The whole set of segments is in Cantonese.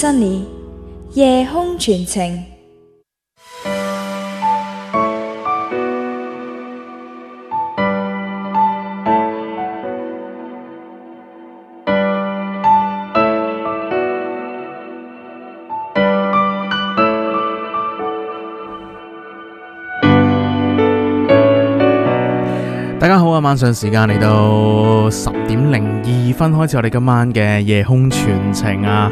Sunny 夜空傳情，大家好啊！晚上時間嚟到十點零二分，開始我哋今晚嘅夜空傳情啊！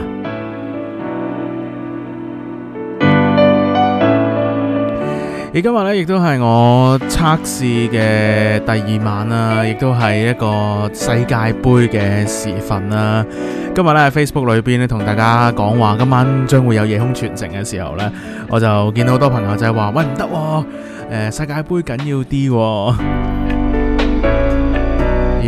而今日咧，亦都係我測試嘅第二晚啦，亦都係一個世界盃嘅時分啦。今日咧喺 Facebook 裏邊咧，同大家講話今晚將會有夜空傳情嘅時候咧，我就見到好多朋友仔係話：喂，唔得，誒，世界盃緊要啲喎。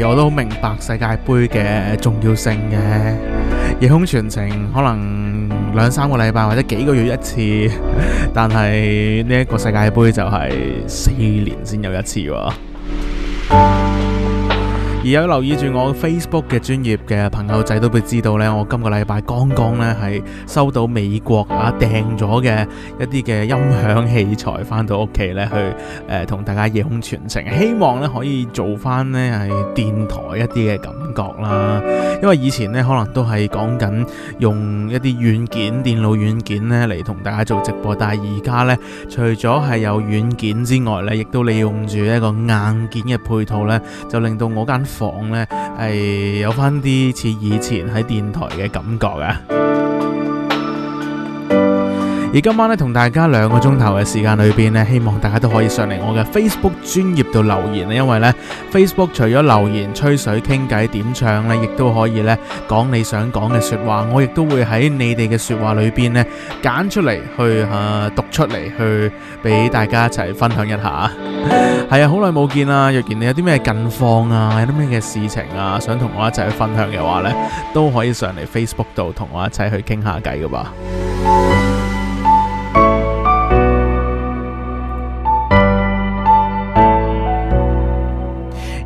而我都好明白世界盃嘅重要性嘅，夜空傳情可能。兩三個禮拜或者幾個月一次，但係呢一個世界杯就係四年先有一次喎。而有留意住我 Facebook 嘅專頁嘅朋友仔都會知道咧，我今個禮拜剛剛咧係收到美國啊訂咗嘅一啲嘅音響器材，翻到屋企咧去誒同、呃、大家夜空傳情，希望咧可以做翻咧係電台一啲嘅感覺啦。因為以前咧可能都係講緊用一啲軟件、電腦軟件咧嚟，同大家做直播，但係而家咧除咗係有軟件之外咧，亦都利用住一個硬件嘅配套咧，就令到我間房咧係有翻啲似以前喺電台嘅感覺啊！而今晚咧，同大家兩個鐘頭嘅時間裏邊呢，希望大家都可以上嚟我嘅 Facebook 專頁度留言啦。因為呢，Facebook 除咗留言、吹水、傾偈、點唱呢，亦都可以呢講你想講嘅說話。我亦都會喺你哋嘅說話裏邊呢，揀出嚟去讀、啊、讀出嚟，去俾大家一齊分享一下。係 啊，好耐冇見啦！若然你有啲咩近況啊，有啲咩嘅事情啊，想同我一齊去分享嘅話呢，都可以上嚟 Facebook 度同我一齊去傾下偈嘅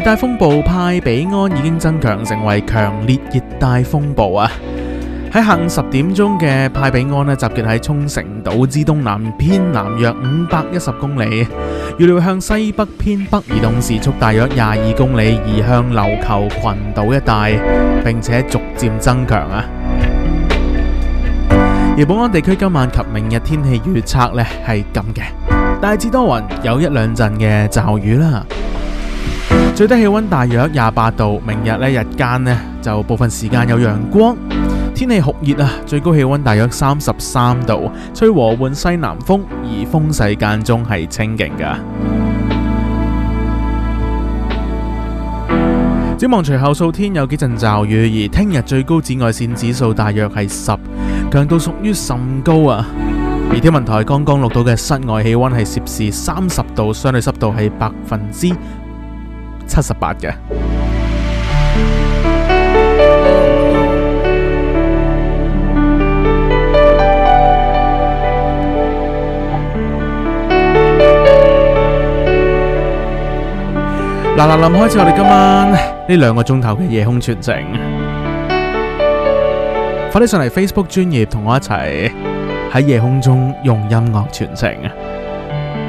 熱帶風暴派比安已經增強成為強烈熱帶風暴啊！喺下午十點鐘嘅派比安呢，集結喺沖繩島之東南偏南約五百一十公里，預料向西北偏北移動，時速大約廿二公里，移向琉球群島一帶，並且逐漸增強啊！而本港地區今晚及明日天氣預測呢係咁嘅，大致多雲，有一兩陣嘅驟雨啦。最低氣溫大約廿八度，明日呢日間呢就部分時間有陽光，天氣酷熱啊！最高氣溫大約三十三度，吹和緩西南風，而風勢間中係清勁噶。展望隨後數天有幾陣驟雨，而聽日最高紫外線指數大約係十，強度屬於甚高啊！而天文台剛剛錄到嘅室外氣溫係攝氏三十度，相對濕度係百分之。七十八嘅嗱嗱，臨開始我哋今晚呢兩個鐘頭嘅夜空傳情，快啲上嚟 Facebook 專頁，同我一齊喺夜空中用音樂傳情。啊！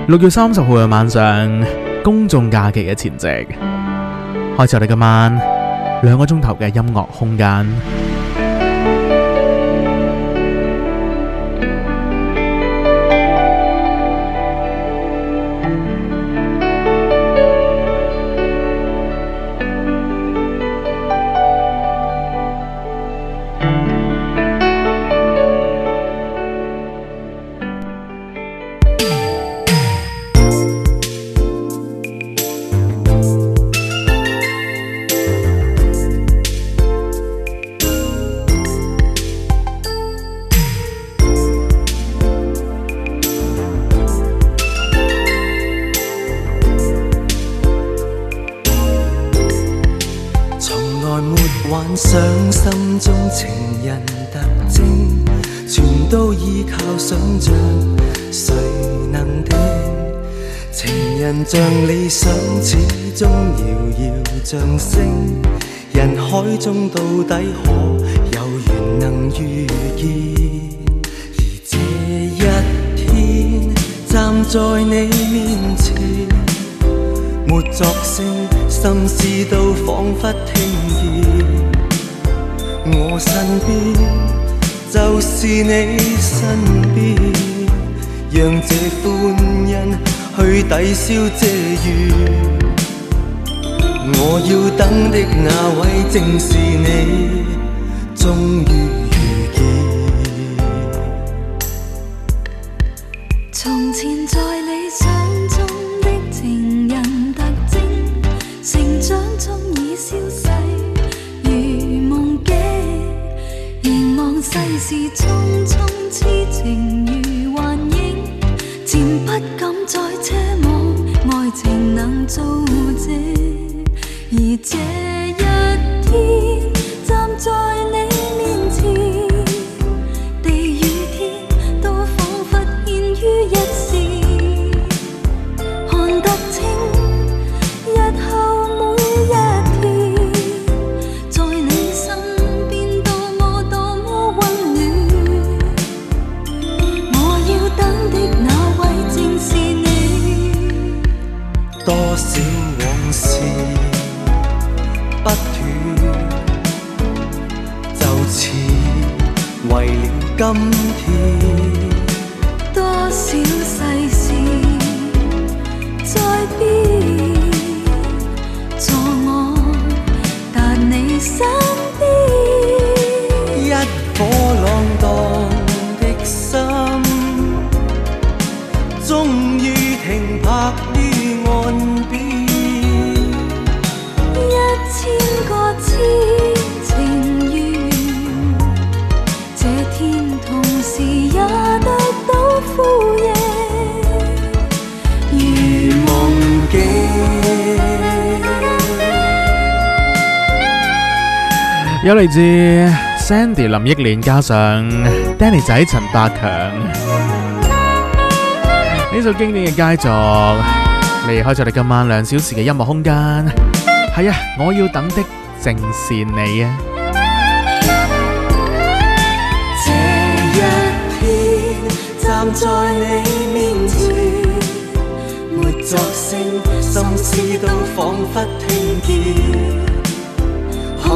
六月三十號嘅晚上，公眾假期嘅前夕。開始我哋今晚兩個鐘頭嘅音樂空間。有嚟自 Sandy 林憶蓮，加上 Danny 仔陳百強，呢首經典嘅佳作，離開咗你今晚兩小時嘅音樂空間，係啊，我要等的正是你啊！這一天站在你面前，沒作聲，心思都仿佛聽見。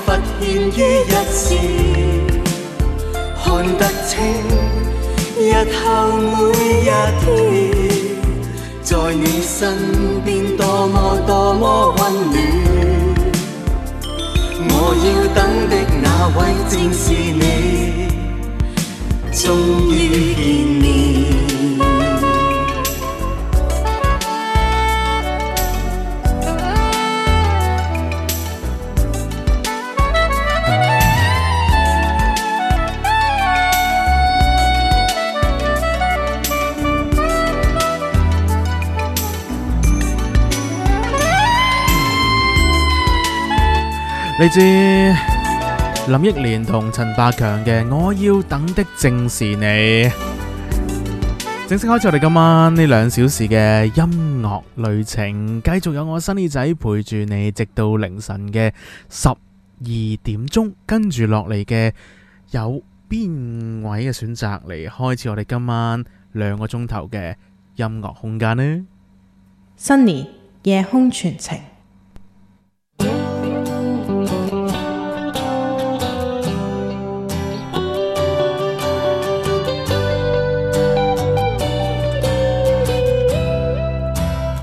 發現於一時，看得清日後每一天，在你身邊多麼多麼溫暖。我要等的那位正是你，終於見面。嚟自林憶蓮同陳百強嘅《我要等的正是你》，正式開始我哋今晚呢兩小時嘅音樂旅程，繼續有我 Sunny 仔陪住你，直到凌晨嘅十二點鐘。跟住落嚟嘅有邊位嘅選擇嚟開始我哋今晚兩個鐘頭嘅音樂空間呢？Sunny 夜空傳情。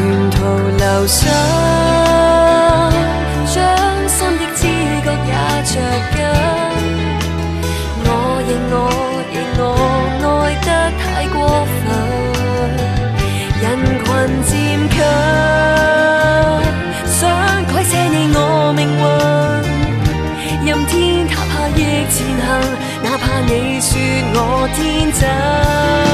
沿途留心，掌心的知覺也着緊。我認我認我愛得太過分。人群漸強，想改寫你我命運。任天塌下亦前行，哪怕你說我天真。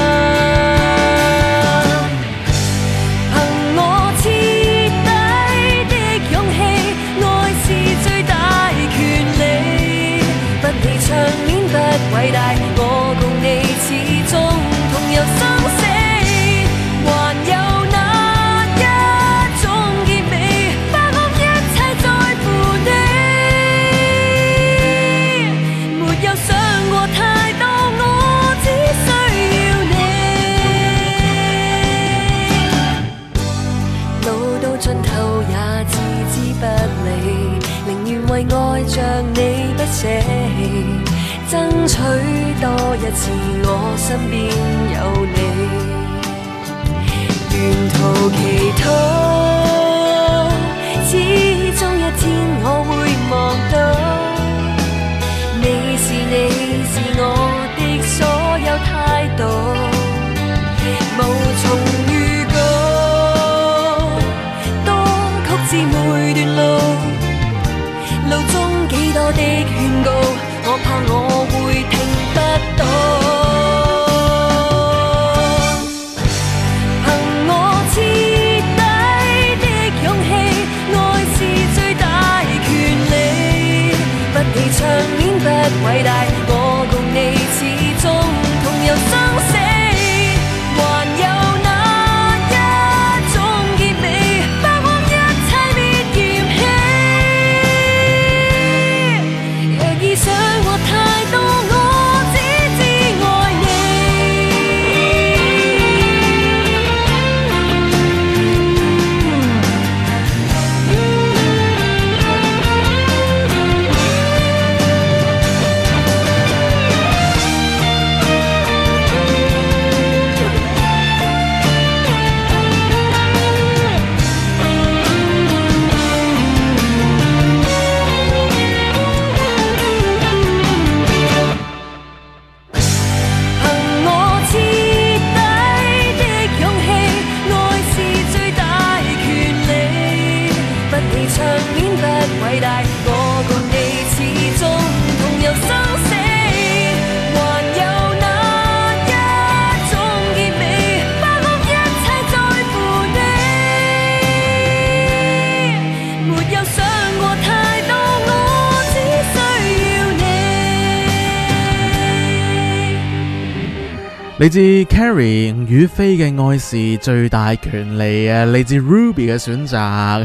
嚟自 Carrie 吳雨霏嘅愛是最大權利啊！嚟自 Ruby 嘅選擇，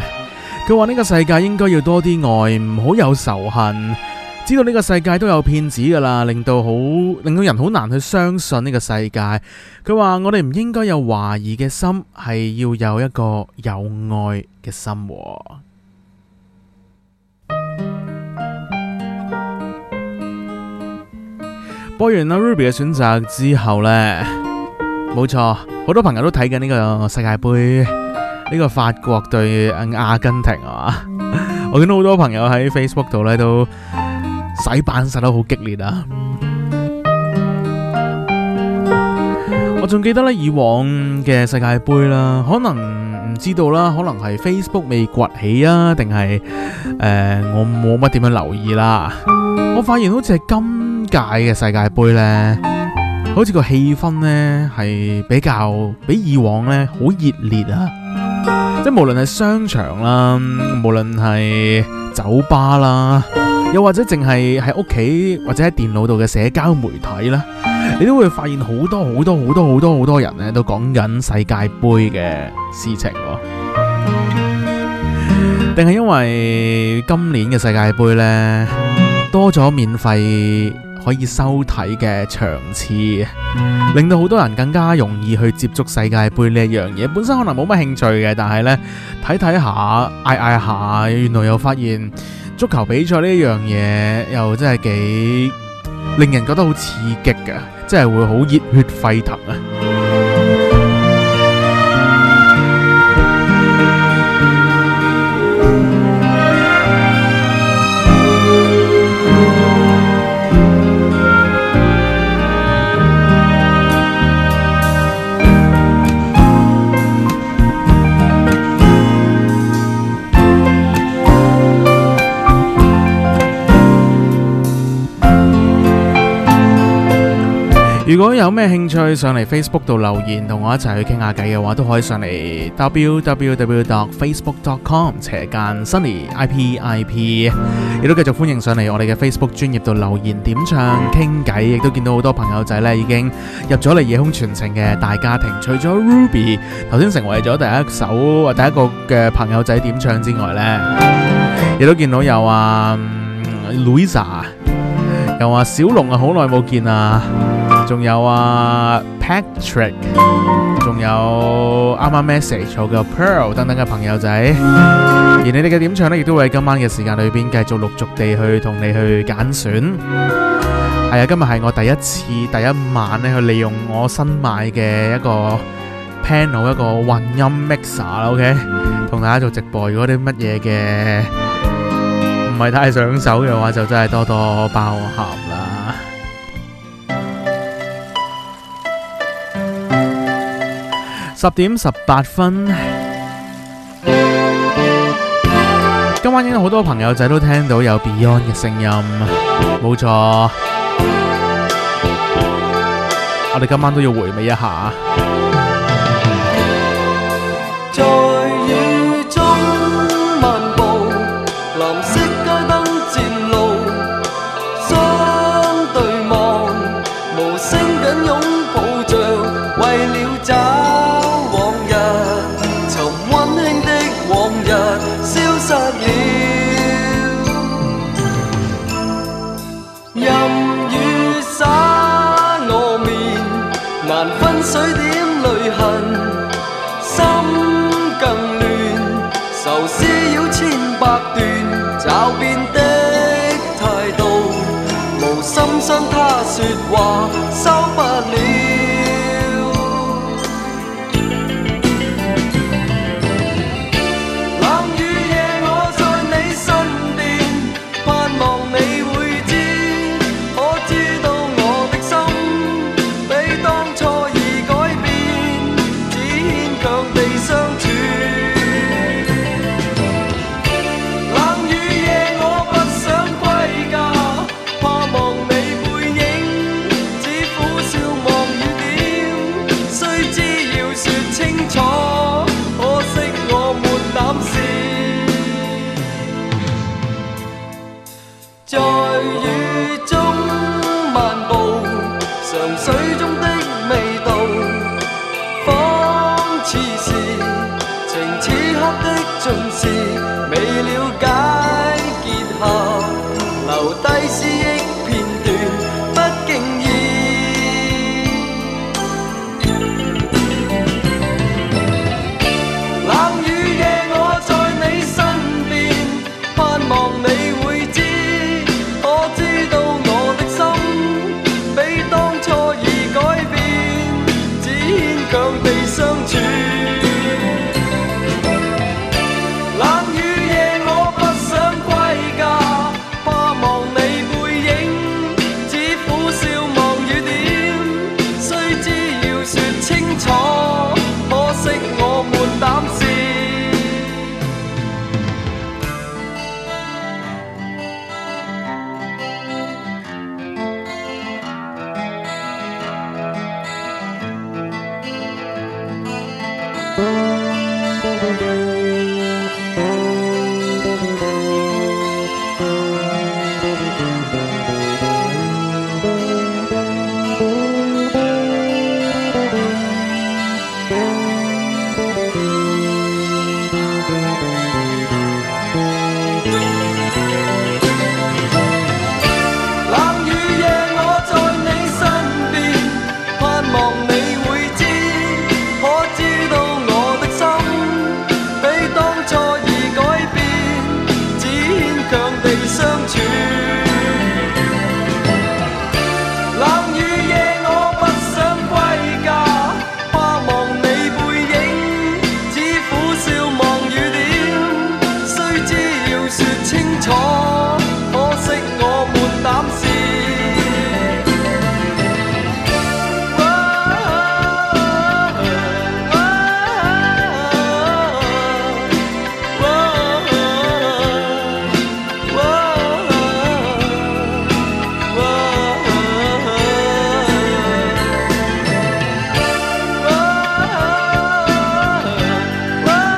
佢話呢個世界應該要多啲愛，唔好有仇恨。知道呢個世界都有騙子噶啦，令到好令到人好難去相信呢個世界。佢話我哋唔應該有懷疑嘅心，係要有一個有愛嘅心。播完啦 Ruby 嘅選擇之後呢？冇錯，好多朋友都睇緊呢個世界杯，呢個法國對阿根廷啊！我見到好多朋友喺 Facebook 度呢都洗版洗得好激烈啊！我仲記得呢以往嘅世界杯啦，可能唔知道啦，可能係 Facebook 未崛起啊，定係誒我冇乜點樣留意啦。我發現好似係今。屆嘅世界盃呢，好似個氣氛呢係比較比以往呢好熱烈啊！即係無論係商場啦、啊，無論係酒吧啦、啊，又或者淨係喺屋企或者喺電腦度嘅社交媒體啦、啊，你都會發現好多好多好多好多好多人呢都講緊世界盃嘅事情、啊，定係因為今年嘅世界盃呢，多咗免費。可以收睇嘅場次，令到好多人更加容易去接觸世界盃呢一樣嘢。本身可能冇乜興趣嘅，但係呢，睇睇下嗌嗌下，原來又發現足球比賽呢一樣嘢又真係幾令人覺得好刺激㗎，真係會好熱血沸騰啊！如果有咩興趣上嚟 Facebook 度留言，同我一齊去傾下偈嘅話，都可以上嚟 www.facebook.com/ 斜間 sunnyipip。亦都繼續歡迎上嚟我哋嘅 Facebook 專頁度留言點唱傾偈，亦都見到好多朋友仔呢已經入咗嚟夜空傳情嘅大家庭。除咗 Ruby 頭先成為咗第一首或第一個嘅朋友仔點唱之外呢，亦都見到有啊 Louisa。嗯 Lou 又話小龍啊，好耐冇見啦！仲有啊 Patrick，仲有啱啱 message 我嘅 Pearl 等等嘅朋友仔，而你哋嘅點唱呢，亦都會喺今晚嘅時間裏邊繼續陸續地去同你去揀選。係啊，今日係我第一次第一晚咧，去利用我新買嘅一個 panel 一個混音 mixer 啦，OK，同大家做直播，如果啲乜嘢嘅。唔係太上手嘅話，就真係多多包涵啦。十點十八分，今晚應該好多朋友仔都聽到有 Beyond 嘅聲音，冇錯。我哋今晚都要回味一下。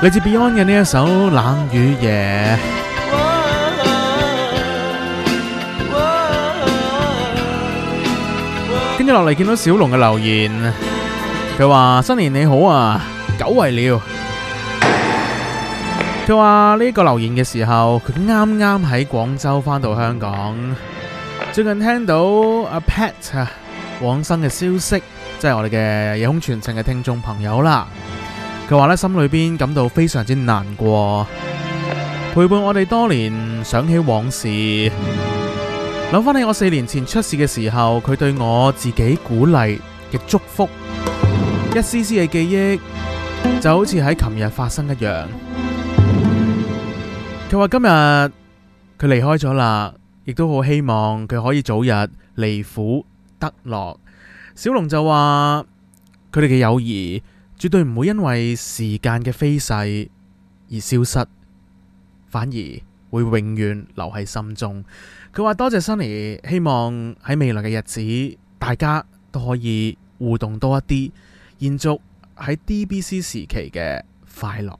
嚟自 Beyond 嘅呢一首《冷雨夜》，跟住落嚟見到小龍嘅留言，佢話，新年你好啊，久違了。佢話呢個留言嘅時候，佢啱啱喺廣州返到香港。最近聽到阿 Pat 往生嘅消息，即係我哋嘅夜空傳情嘅聽眾朋友啦。佢話呢，心裏邊感到非常之難過。陪伴我哋多年，想起往事，諗翻起我四年前出事嘅時候，佢對我自己鼓勵嘅祝福，一絲絲嘅記憶，就好似喺琴日發生一樣。佢話今日佢離開咗啦，亦都好希望佢可以早日離苦得樂。小龍就話佢哋嘅友誼。絕對唔會因為時間嘅飛逝而消失，反而會永遠留喺心中。佢話多謝 Sunny，希望喺未來嘅日子，大家都可以互動多一啲，延續喺 DBC 時期嘅快樂。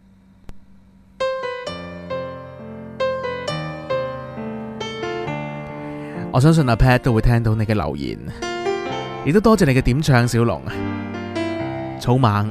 我相信阿 Pat 都會聽到你嘅留言，亦都多謝你嘅點唱小龍草蜢。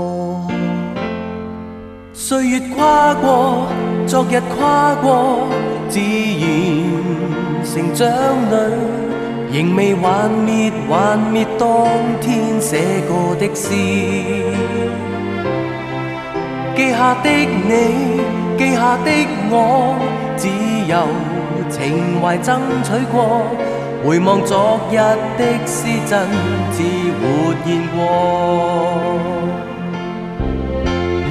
歲月跨過，昨日跨過，自然成長裏，仍未幻滅，幻滅當天寫過的詩。記下的你，記下的我，只有情懷爭取過。回望昨日的詩，真似活現過。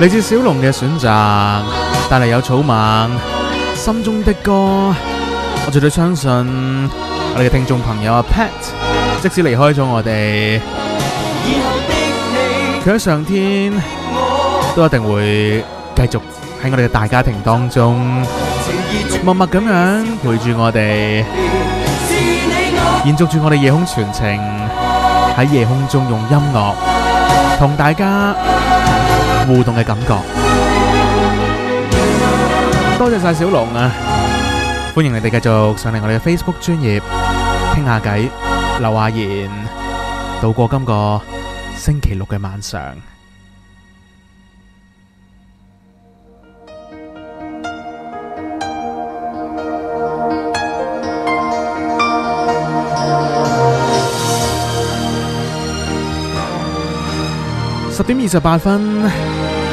嚟自小龍嘅選擇，帶嚟有草蜢心中的歌，我絕對相信我哋嘅聽眾朋友阿 Pat，即使離開咗我哋，佢喺上天我都一定會繼續喺我哋嘅大家庭當中，默默咁樣陪住我哋，我延續住我哋夜空傳情，喺夜空中用音樂同大家。互動嘅感覺，多謝晒小龍啊！歡迎你哋繼續上嚟我哋嘅 Facebook 專頁傾下偈、留下言，度過今個星期六嘅晚上。十點二十八分。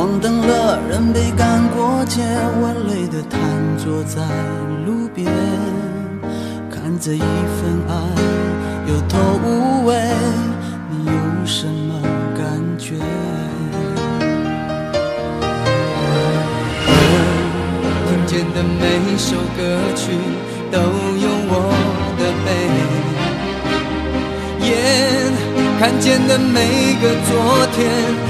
黃燈了，人被趕過街，我累得癱坐在路邊，看着一份愛有頭無尾，你有什麼感覺？我聽見的每首歌曲都有我的悲，眼看見的每個昨天。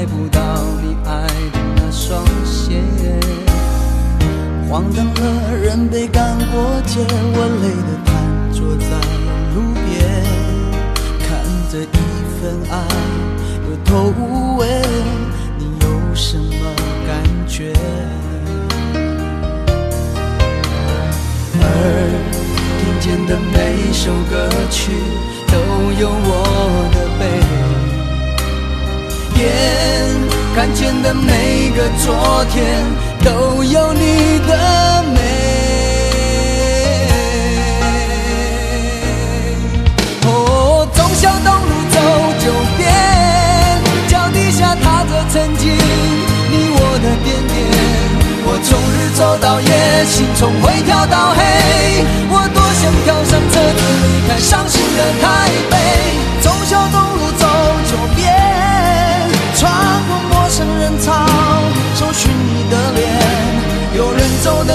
買不到你愛的那雙鞋，黃燈了人被趕過街。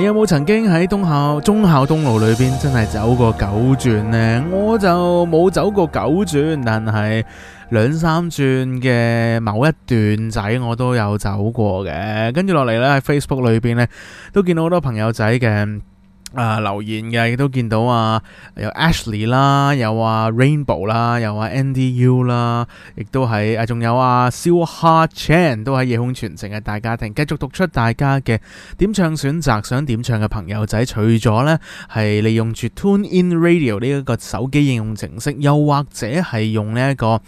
你有冇曾經喺東校中校東路裏邊真係走過九轉呢？我就冇走過九轉，但係兩三轉嘅某一段仔我都有走過嘅。跟住落嚟呢，喺 Facebook 裏邊呢，都見到好多朋友仔嘅。啊留言嘅亦都見到啊，有 Ashley 啦，有啊 Rainbow 啦，啊 u 啦啊有啊 NDU 啦，亦都係啊，仲有啊 So Hard Chan 都係夜空傳情嘅大家庭，繼續讀出大家嘅點唱選擇，想點唱嘅朋友仔，除咗咧係利用住 Tune In Radio 呢一個手機應用程式，又或者係用呢、這、一個啊、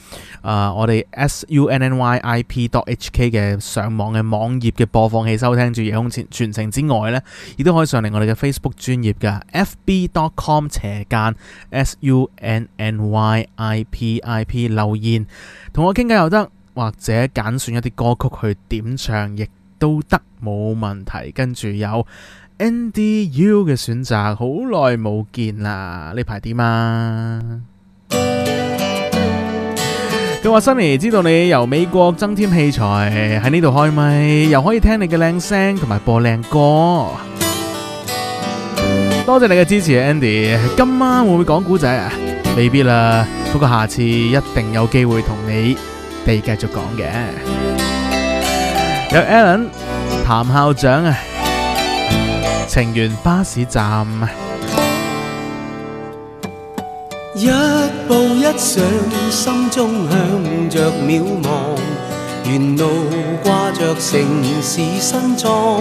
呃、我哋 SUNNYIP.HK 嘅上網嘅網頁嘅播放器收聽住夜空傳傳情之外咧，亦都可以上嚟我哋嘅 Facebook 專業嘅 fb.com 斜間 sunnyipip 留言同我傾偈又得，或者揀選一啲歌曲去點唱亦都得冇問題。跟住有 ndu 嘅選擇，好耐冇見啦，呢排點啊？佢話 Sunny 知道你由美國增添器材喺呢度開咪，又可以聽你嘅靚聲同埋播靚歌。多謝你嘅支持，Andy。今晚會唔會講古仔啊？未必啦，不過下次一定有機會同你哋繼續講嘅。有 Alan、譚校長啊，情緣巴士站，一步一想，心中向着渺茫，沿路掛着城市新裝。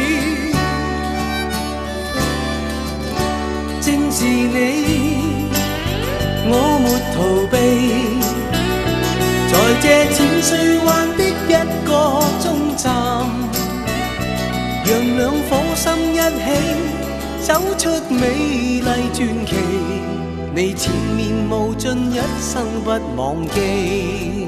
正是你，我沒逃避，在這淺水灣的一個終站，讓兩顆心一起走出美麗傳奇。你前面無盡，一生不忘記。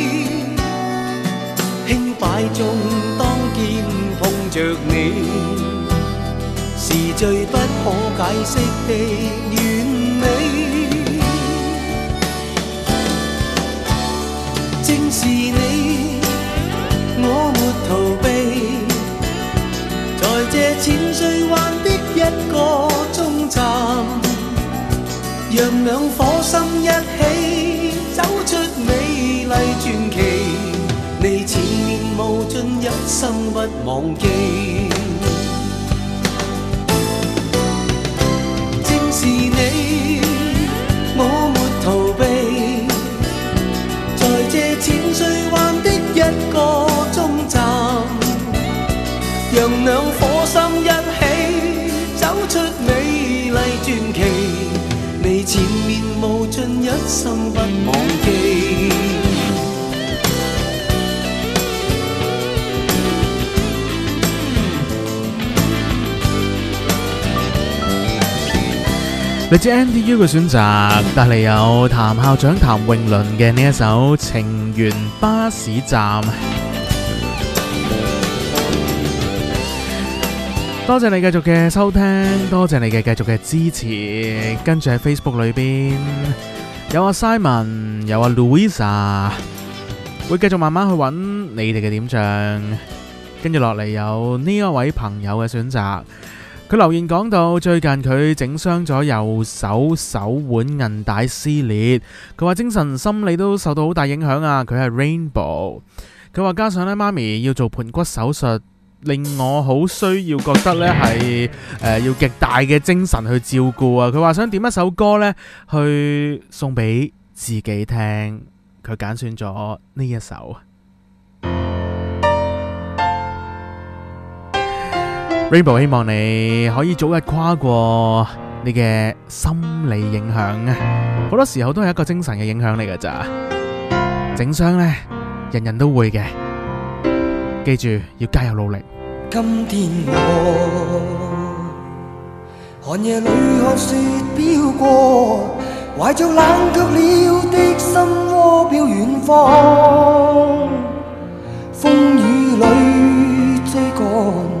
懷中當肩碰着你，是最不可解釋的完美。正是你，我沒逃避，在這淺水灣的一個終站，讓兩顆心一起走出美麗傳奇。你。無盡一生不忘記，正是你，我沒逃避，在這淺水灣的一個終站，讓兩顆心一起走出美麗傳奇。你前面無盡一生不忘記。嚟自 NTU 嘅選擇，帶嚟有譚校長譚詠麟嘅呢一首《情緣巴士站》。多謝你繼續嘅收聽，多謝你嘅繼續嘅支持。跟住喺 Facebook 裏邊有阿、啊、Simon，有阿、啊、Louisa，會繼續慢慢去揾你哋嘅點唱。跟住落嚟有呢一位朋友嘅選擇。佢留言講到最近佢整傷咗右手手腕韌帶撕裂，佢話精神心理都受到好大影響啊！佢係 Rainbow，佢話加上呢媽咪要做盤骨手術，令我好需要覺得咧係、呃、要極大嘅精神去照顧啊！佢話想點一首歌呢，去送俾自己聽，佢揀選咗呢一首。Rainbow 希望你可以早日跨過你嘅心理影響啊！好多時候都係一個精神嘅影響嚟噶咋，整傷咧人人都會嘅，記住要加油努力。今天我寒夜裏看雪飄過，懷着冷卻了的心窩飄遠方，風雨裏追趕。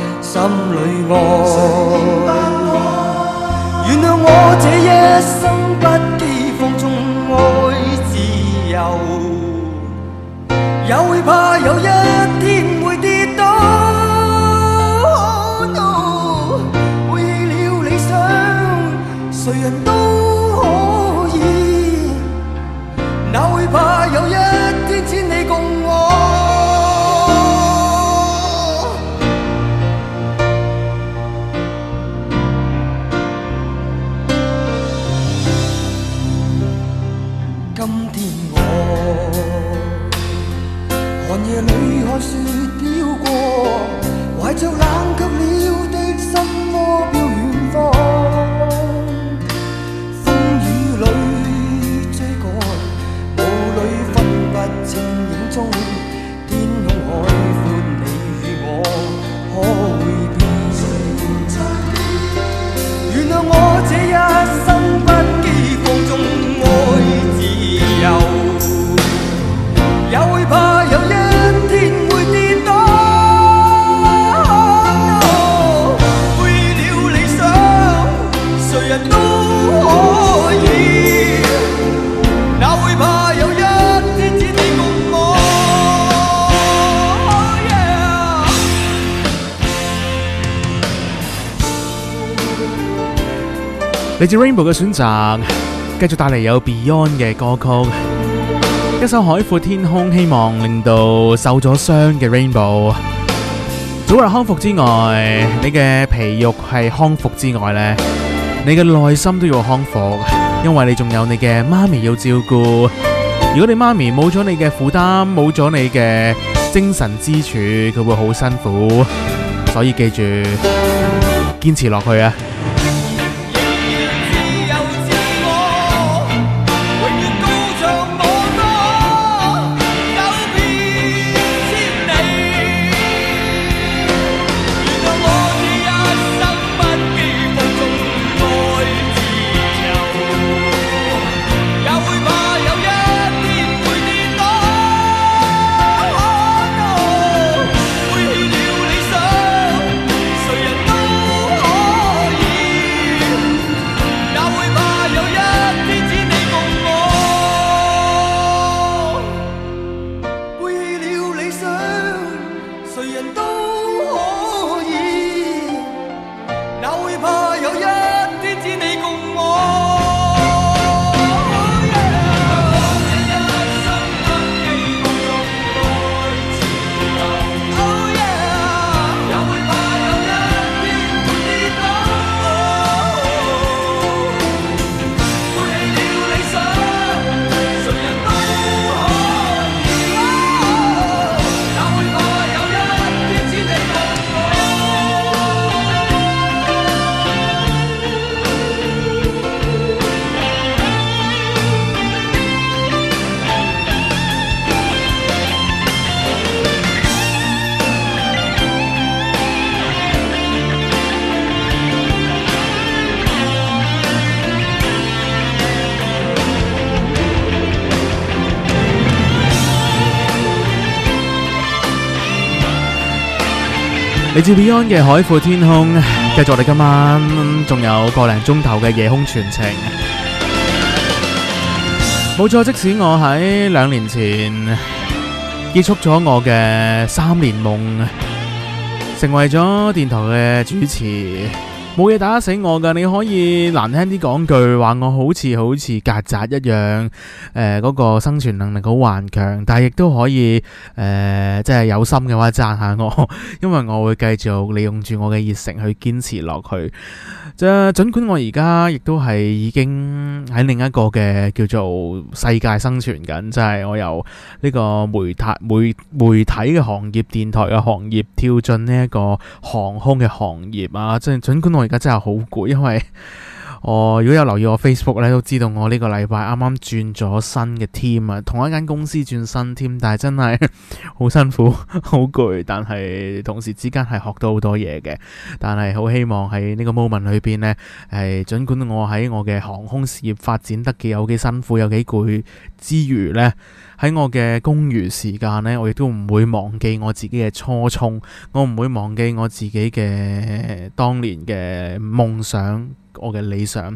心裏愛，原諒我這一生不羈。是 Rainbow 嘅選擇，繼續帶嚟有 Beyond 嘅歌曲，一首海闊天空，希望令到受咗傷嘅 Rainbow 早日康復之外，你嘅皮肉係康復之外呢，你嘅內心都要康復，因為你仲有你嘅媽咪要照顧。如果你媽咪冇咗你嘅負擔，冇咗你嘅精神支柱，佢會好辛苦。所以記住，堅持落去啊！來自 Beyond 嘅《海闊天空》。繼續我哋今晚仲、嗯、有個零鐘頭嘅夜空傳情。冇錯，即使我喺兩年前結束咗我嘅三年夢，成為咗電台嘅主持。冇嘢打死我噶，你可以難聽啲講句，話我好似好似曱甴一樣，誒、呃、嗰、那個生存能力好頑強，但係亦都可以，誒、呃、即係有心嘅話讚下我，因為我會繼續利用住我嘅熱誠去堅持落去，即係盡管我而家亦都係已經喺另一個嘅叫做世界生存緊，即係我由呢個媒體媒媒體嘅行業、電台嘅行業跳進呢一個航空嘅行業啊，即係盡管我。而家真係好攰，因為，我、哦、如果有留意我 Facebook 咧，都知道我呢個禮拜啱啱轉咗新嘅 team 啊，同一間公司轉新 team，但係真係好辛苦，好攰，但係同時之間係學到好多嘢嘅。但係好希望喺呢個 moment 裏邊呢，係盡管我喺我嘅航空事業發展得幾有幾辛苦，有幾攰之餘呢，喺我嘅工餘時間呢，我亦都唔會忘記我自己嘅初衷，我唔會忘記我自己嘅當年嘅夢想。我嘅理想，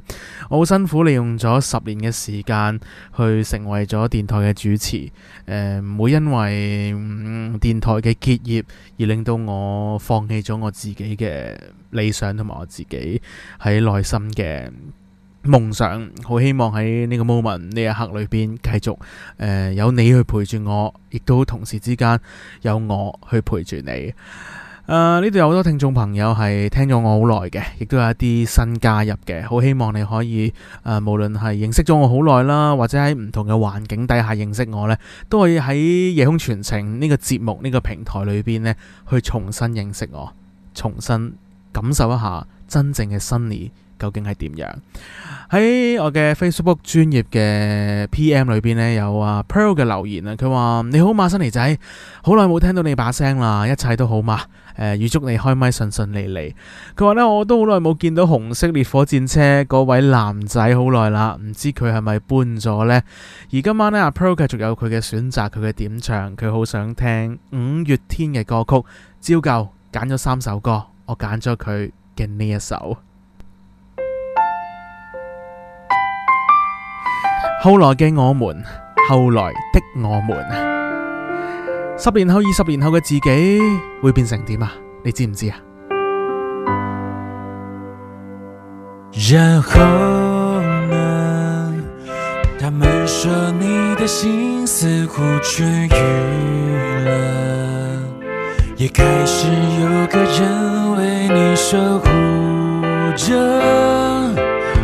我好辛苦，利用咗十年嘅時間去成為咗電台嘅主持。呃、唔會因為、嗯、電台嘅結業而令到我放棄咗我自己嘅理想同埋我自己喺內心嘅夢想。好希望喺呢個 moment 呢一刻裏邊，繼續誒有你去陪住我，亦都同時之間有我去陪住你。誒，呢度、呃、有好多聽眾朋友係聽咗我好耐嘅，亦都有一啲新加入嘅，好希望你可以誒、呃，無論係認識咗我好耐啦，或者喺唔同嘅環境底下認識我呢，都可以喺《夜空傳情》呢個節目呢、呢個平台裏邊呢，去重新認識我，重新感受一下真正嘅 Sunny。究竟係點樣喺我嘅 Facebook 專頁嘅 P.M. 裏邊呢，有阿、啊、Pear 嘅留言啊，佢話你好嘛，馬新嚟仔，好耐冇聽到你把聲啦，一切都好嘛。呃，誒，預祝你開咪順順利利。佢話呢，我都好耐冇見到紅色烈火戰車嗰位男仔好耐啦，唔知佢係咪搬咗呢。而今晚呢，阿、啊、Pear 繼續有佢嘅選擇，佢嘅點唱，佢好想聽五月天嘅歌曲。照舊揀咗三首歌，我揀咗佢嘅呢一首。後來嘅我們，後來的我們，十年後、二十年後嘅自己會變成點啊？你知唔知啊？然後呢，他們說你的心似乎痊癒了，也開始有個人為你守護着。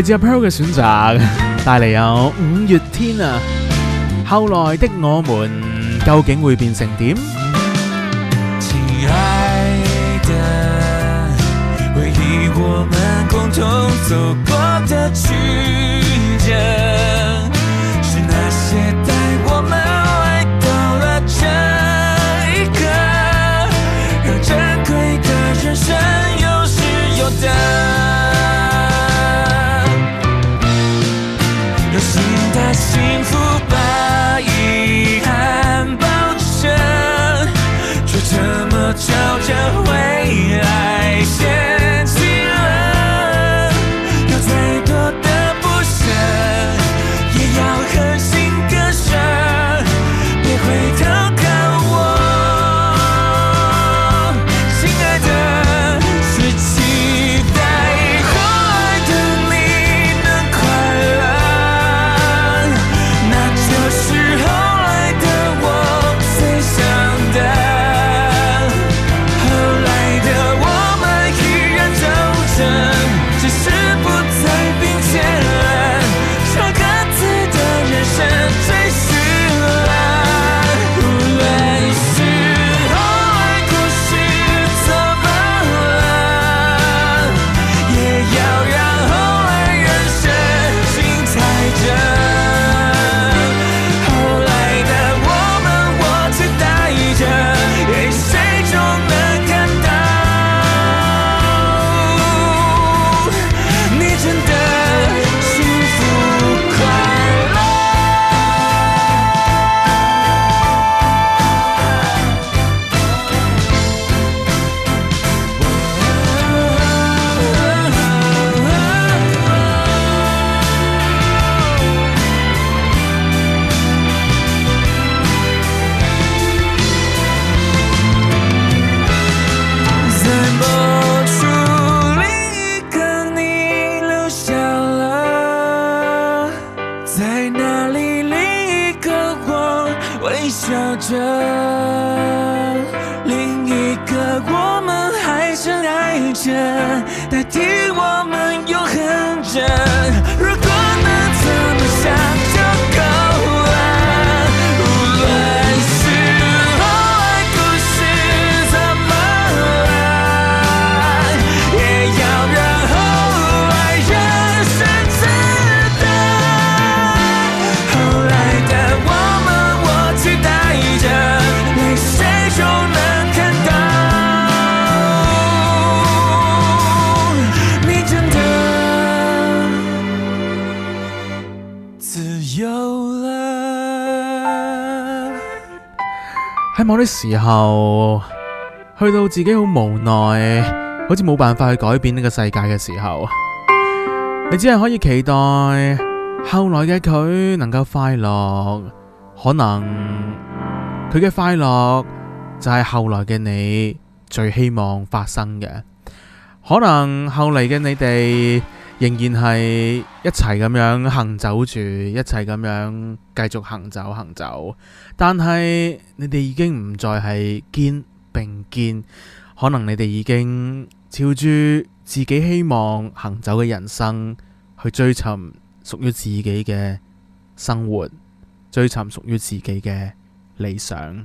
的來阿 Pro 嘅選擇，帶嚟有五月天啊，後來的我們究竟會變成點？笑着未來。喺某啲時候，去到自己好無奈，好似冇辦法去改變呢個世界嘅時候，你只係可以期待後來嘅佢能夠快樂，可能佢嘅快樂就係後來嘅你最希望發生嘅，可能後來嘅你哋。仍然係一齊咁樣行走住，一齊咁樣繼續行走行走。但係你哋已經唔再係肩並肩，可能你哋已經朝住自己希望行走嘅人生去追尋屬於自己嘅生活，追尋屬於自己嘅理想。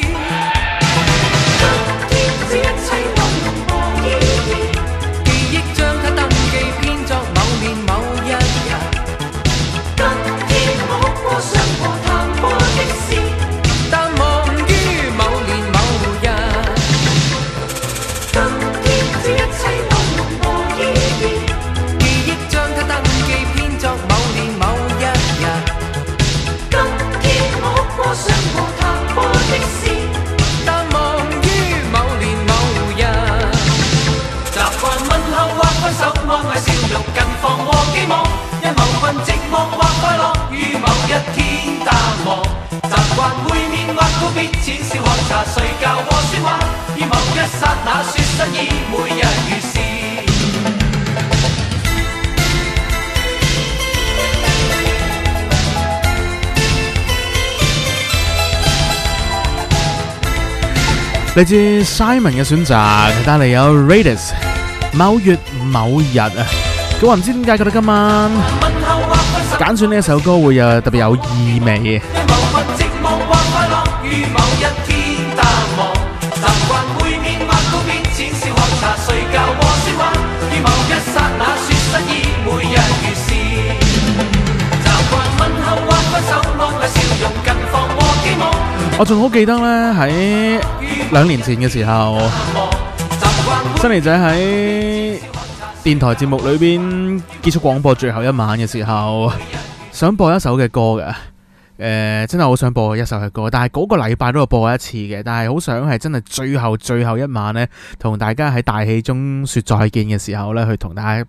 每日如是來自 Simon 嘅選擇，帶嚟有 Radius。某月某日啊，佢話唔知點解覺得今晚揀選呢一首歌會啊特別有意味。我仲好記得呢，喺兩年前嘅時候，新年仔喺電台節目裏邊結束廣播最後一晚嘅時候，想播一首嘅歌嘅，誒、呃，真係好想播一首嘅歌，但係嗰個禮拜都有播一次嘅，但係好想係真係最後最後一晚呢，同大家喺大氣中說再見嘅時候呢，去同大家。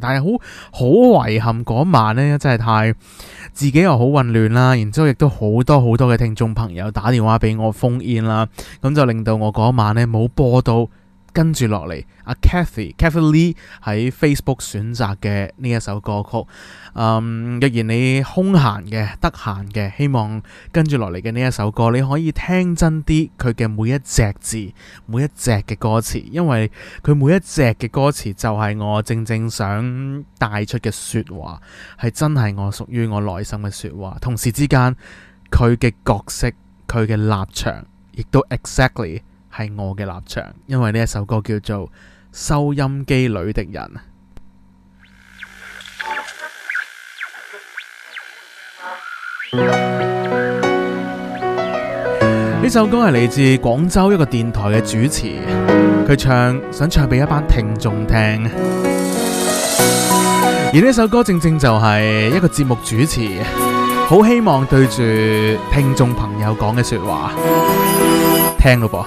但係好好遺憾那，嗰晚呢真係太自己又好混亂啦，然之後亦都好多好多嘅聽眾朋友打電話俾我封煙啦，咁就令到我嗰晚呢冇播到。跟住落嚟，阿 Cathy、Cathy Lee 喺 Facebook 選擇嘅呢一首歌曲。嗯、um，若然你空閒嘅、得閒嘅，希望跟住落嚟嘅呢一首歌，你可以聽真啲佢嘅每一隻字、每一隻嘅歌詞，因為佢每一隻嘅歌詞就係我正正想帶出嘅說話，係真係我屬於我內心嘅說話。同時之間，佢嘅角色、佢嘅立場，亦都 exactly。係我嘅立場，因為呢一首歌叫做《收音機裏的人》。呢首歌係嚟自廣州一個電台嘅主持，佢唱想唱俾一班聽眾聽，而呢首歌正正就係一個節目主持，好希望對住聽眾朋友講嘅說話，聽咯噃。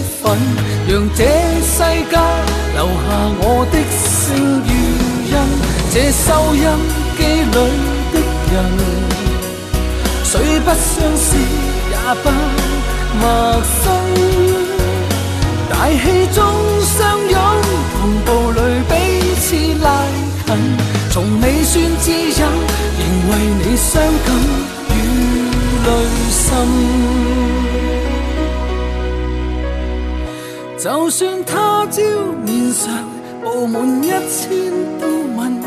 讓這世界留下我的笑與音，這收音機裏的人，雖不相識也不陌生。大氣中相擁，同步裏彼此拉近，從未算知音，仍為你傷感與淚深。就算他朝面上佈滿一千道紋，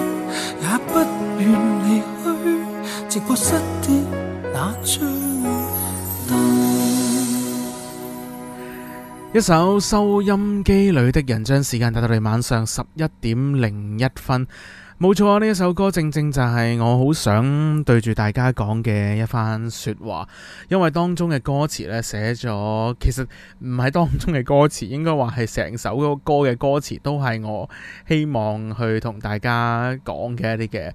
也不願離開直播室的那張凳。一首收音機裏的人，將時間帶到你晚上十一點零一分。冇錯啊！呢一首歌正正就係我好想對住大家講嘅一番說話，因為當中嘅歌詞咧寫咗，其實唔係當中嘅歌詞，應該話係成首歌嘅歌詞都係我希望去同大家講嘅一啲嘅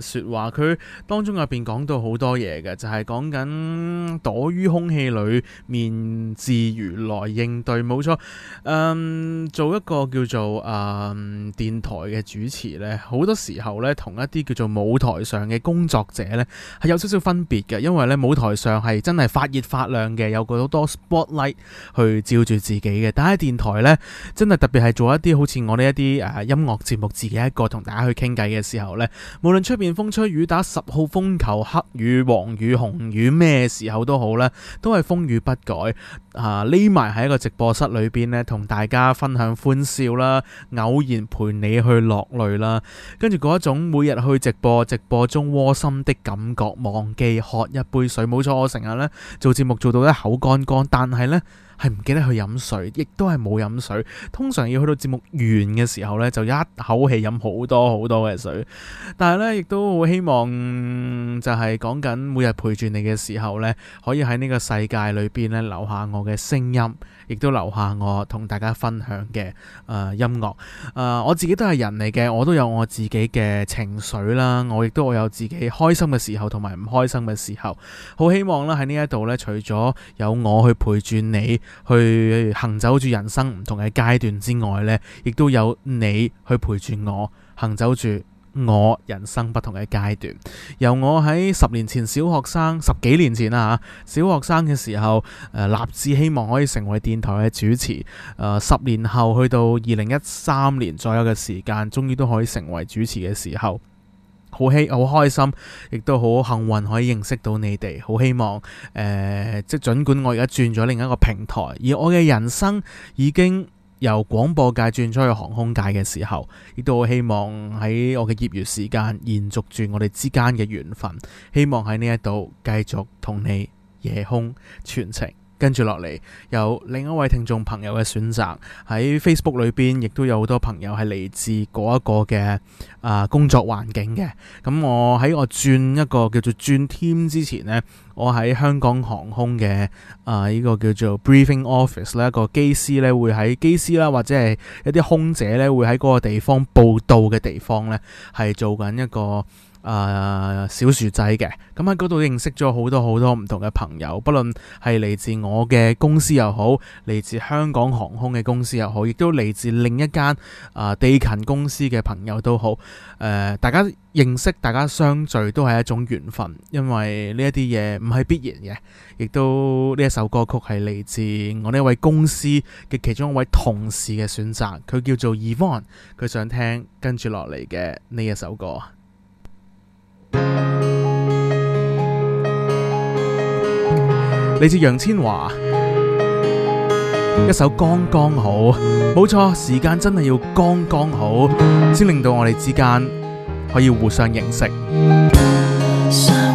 誒說話。佢當中入邊講到好多嘢嘅，就係講緊躲於空氣裏面自如來應對。冇錯，嗯，做一個叫做誒、嗯、電台嘅主持咧，好。好多時候咧，同一啲叫做舞台上嘅工作者呢，係有少少分別嘅，因為呢，舞台上係真係發熱發亮嘅，有好多 spotlight 去照住自己嘅。但係喺電台呢，真係特別係做一啲好似我呢一啲誒音樂節目，自己一個同大家去傾偈嘅時候呢，無論出邊風吹雨打，十號風球、黑雨、黃雨、紅雨，咩時候都好呢，都係風雨不改。吓匿埋喺一個直播室裏邊咧，同大家分享歡笑啦，偶然陪你去落淚啦，跟住嗰一種每日去直播，直播中窩心的感覺，忘記喝一杯水，冇錯，我成日咧做節目做到一口乾乾，但係呢。係唔記得去飲水，亦都係冇飲水。通常要去到節目完嘅時候呢，就一口氣飲好多好多嘅水。但係呢，亦都好希望就係講緊每日陪住你嘅時候呢，可以喺呢個世界裏邊呢，留下我嘅聲音。亦都留下我同大家分享嘅誒音樂。誒、呃、我自己都係人嚟嘅，我都有我自己嘅情緒啦。我亦都我有自己開心嘅時，時候，同埋唔開心嘅時候。好希望啦，喺呢一度呢，除咗有我去陪住你去行走住人生唔同嘅階段之外呢，亦都有你去陪住我行走住。我人生不同嘅階段，由我喺十年前小學生，十幾年前啊，小學生嘅時候、呃、立志希望可以成為電台嘅主持。誒、呃，十年後去到二零一三年左右嘅時間，終於都可以成為主持嘅時候，好希好開心，亦都好幸運可以認識到你哋。好希望誒、呃，即儘管我而家轉咗另一個平台，而我嘅人生已經。由廣播界轉出去航空界嘅時候，亦都希望喺我嘅業餘時間延續住我哋之間嘅緣分，希望喺呢一度繼續同你夜空傳情。跟住落嚟，有另一位聽眾朋友嘅選擇喺 Facebook 裏邊，亦都有好多朋友係嚟自嗰一個嘅啊工作環境嘅。咁我喺我轉一個叫做轉 team 之前呢，我喺香港航空嘅啊依個叫做 briefing office 呢一個機師呢會喺機師啦，或者係一啲空姐呢會喺嗰個地方報到嘅地方呢，係做緊一個。啊！Uh, 小薯仔嘅咁喺嗰度認識咗好多好多唔同嘅朋友，不論係嚟自我嘅公司又好，嚟自香港航空嘅公司又好，亦都嚟自另一間啊、uh, 地勤公司嘅朋友都好。誒、uh，大家認識，大家相聚都係一種緣分，因為呢一啲嘢唔係必然嘅。亦都呢一首歌曲係嚟自我呢位公司嘅其中一位同事嘅選擇，佢叫做 Evon，佢想聽跟住落嚟嘅呢一首歌。嚟自楊千嬅，一首剛剛好，冇錯，時間真係要剛剛好，先令到我哋之間可以互相認識。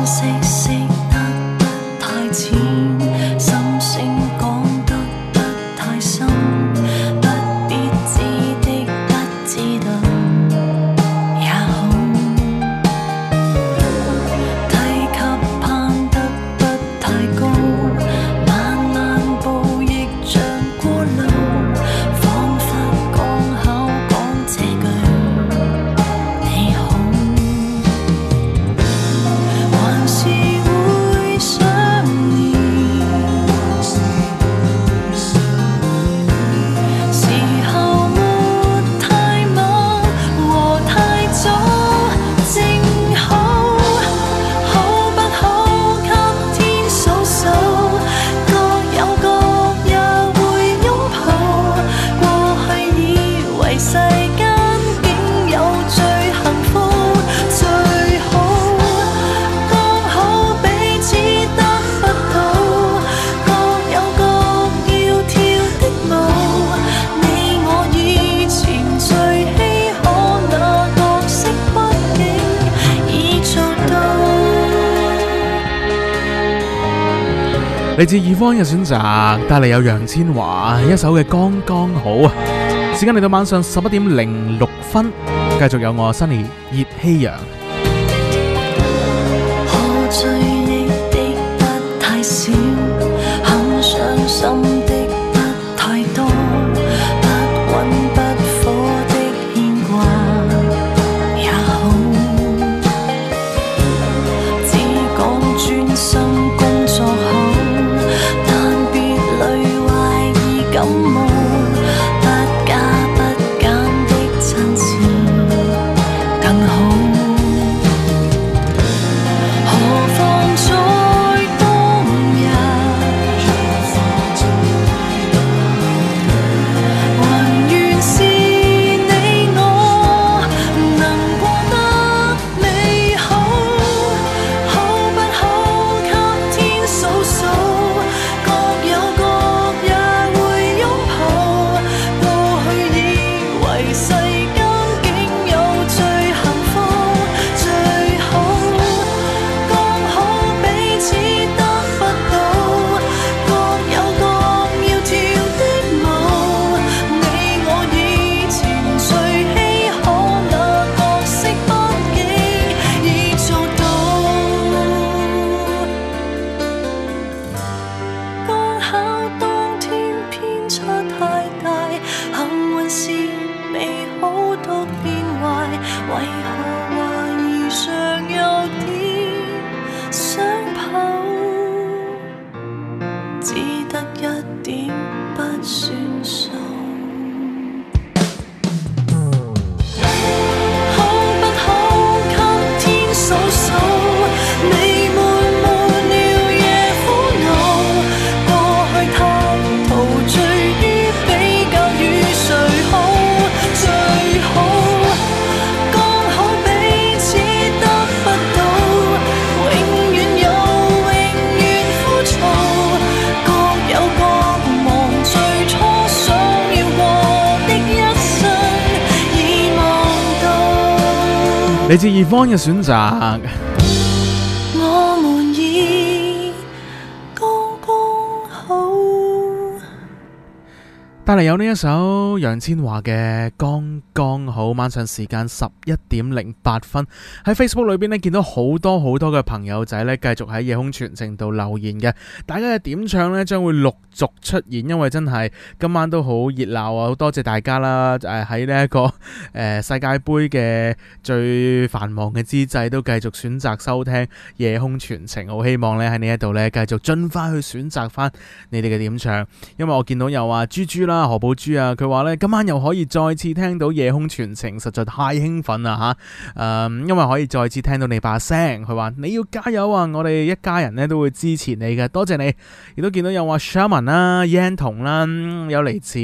嚟自二方嘅選擇，帶嚟有楊千嬅一首嘅剛剛好啊！時間嚟到晚上十一點零六分，繼續有我阿 Sunny 葉希揚。嘅選擇我們，已剛剛好，帶嚟有呢一首楊千嬅嘅《剛剛好》。晚上時間十一。點零八分喺 Facebook 裏邊咧，見到好多好多嘅朋友仔咧，繼續喺夜空傳情度留言嘅。大家嘅點唱咧，將會陸續出現，因為真係今晚都好熱鬧啊！好多謝大家啦，誒喺呢一個誒、呃、世界盃嘅最繁忙嘅之際，都繼續選擇收聽夜空傳情。好希望咧喺呢一度咧，繼續儘快去選擇翻你哋嘅點唱，因為我見到又話豬豬啦何寶珠啊，佢話咧今晚又可以再次聽到夜空傳情，實在太興奮啦！吓，誒、啊，因為可以再次聽到你把聲，佢話你要加油啊！我哋一家人咧都會支持你嘅，多謝你。亦都見到有話 Sherman 啦、啊、Yan Tong 啦，有嚟自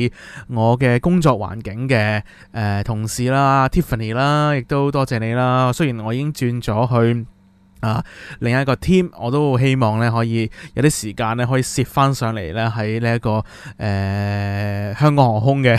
我嘅工作環境嘅誒、呃、同事啦、Tiffany 啦，亦都多謝你啦。雖然我已經轉咗去。啊！另一個 team，我都希望咧可以有啲時間咧可以攝翻上嚟咧喺呢一、個誒、呃、香港航空嘅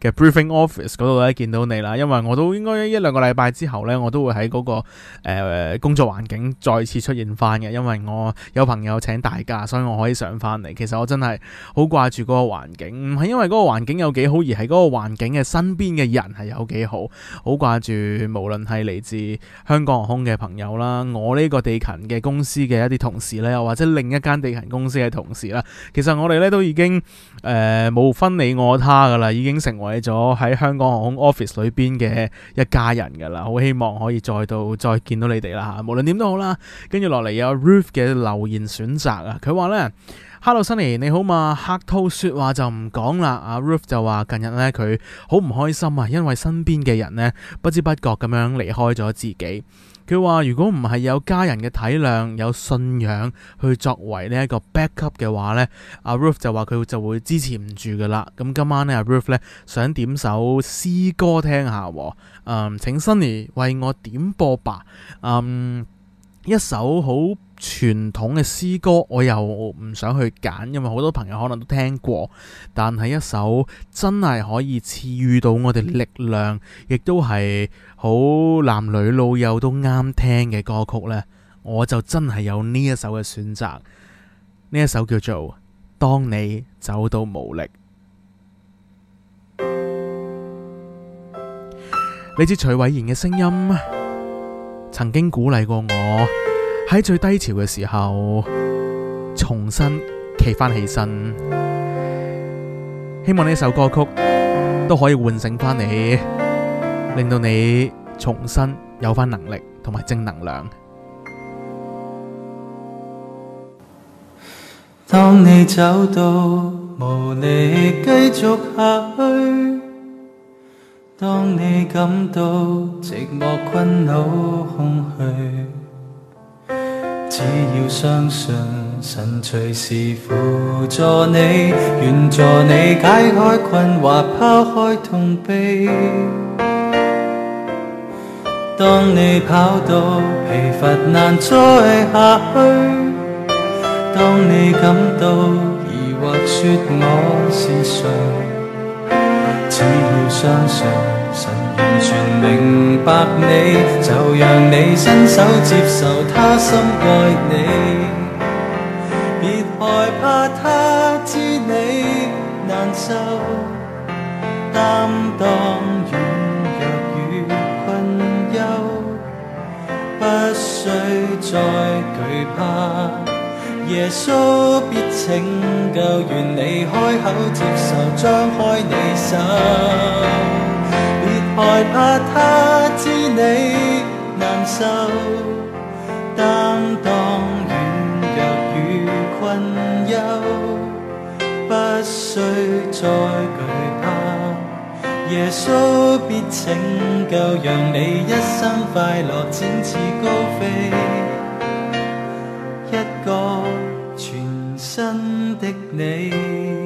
嘅 briefing office 度咧見到你啦，因為我都應該一兩個禮拜之後咧，我都會喺、嗰個誒、呃、工作環境再次出現翻嘅，因為我有朋友請大假，所以我可以上翻嚟。其實我真係好掛住嗰個環境，唔係因為嗰個環境有幾好，而係嗰個環境嘅身邊嘅人係有幾好，好掛住無論係嚟自香港航空嘅朋友啦，我。呢個地勤嘅公司嘅一啲同事呢，又或者另一間地勤公司嘅同事啦，其實我哋呢都已經誒冇、呃、分你我他噶啦，已經成為咗喺香港航空 office 裏邊嘅一家人噶啦，好希望可以再到再見到你哋啦吓，無論點都好啦。跟住落嚟有 Ruth 嘅留言選擇啊，佢話呢：「Hello Sunny，你好嘛？客套說話就唔講啦。阿、啊、Ruth 就話近日呢，佢好唔開心啊，因為身邊嘅人呢，不知不覺咁樣離開咗自己。佢話：如果唔係有家人嘅體諒、有信仰去作為呢一個 back up 嘅話呢，阿、啊、Ruth 就話佢就會支持唔住㗎喇。咁今晚、啊、呢，阿 Ruth 咧想點首詩歌聽下，嗯，請 Sunny 為我點播吧，嗯，一首好。傳統嘅詩歌我又唔想去揀，因為好多朋友可能都聽過。但係一首真係可以賜予到我哋力量，亦都係好男女老幼都啱聽嘅歌曲呢，我就真係有呢一首嘅選擇。呢一首叫做《當你走到無力》，你知徐偉賢嘅聲音曾經鼓勵過我。喺最低潮嘅時候，重新企翻起身，希望呢首歌曲都可以喚醒翻你，令到你重新有翻能力同埋正能量。當你走到無力繼續下去，當你感到寂寞、困惱、空虛。只要相信神，隨時輔助你，願助你解開困惑，拋開痛悲。當你跑到疲乏難再下去，當你感到疑惑，說我是誰？只要相信神。完全明白你，就讓你伸手接受他深愛你。別害怕他知你難受，擔當軟弱與困憂，不需再懼怕。耶穌必拯救，願你開口接受，張開你手。害怕他知你難受，擔當軟弱與困憂，不需再懼怕。耶穌必拯救，讓你一生快樂展翅高飛，一個全新的你。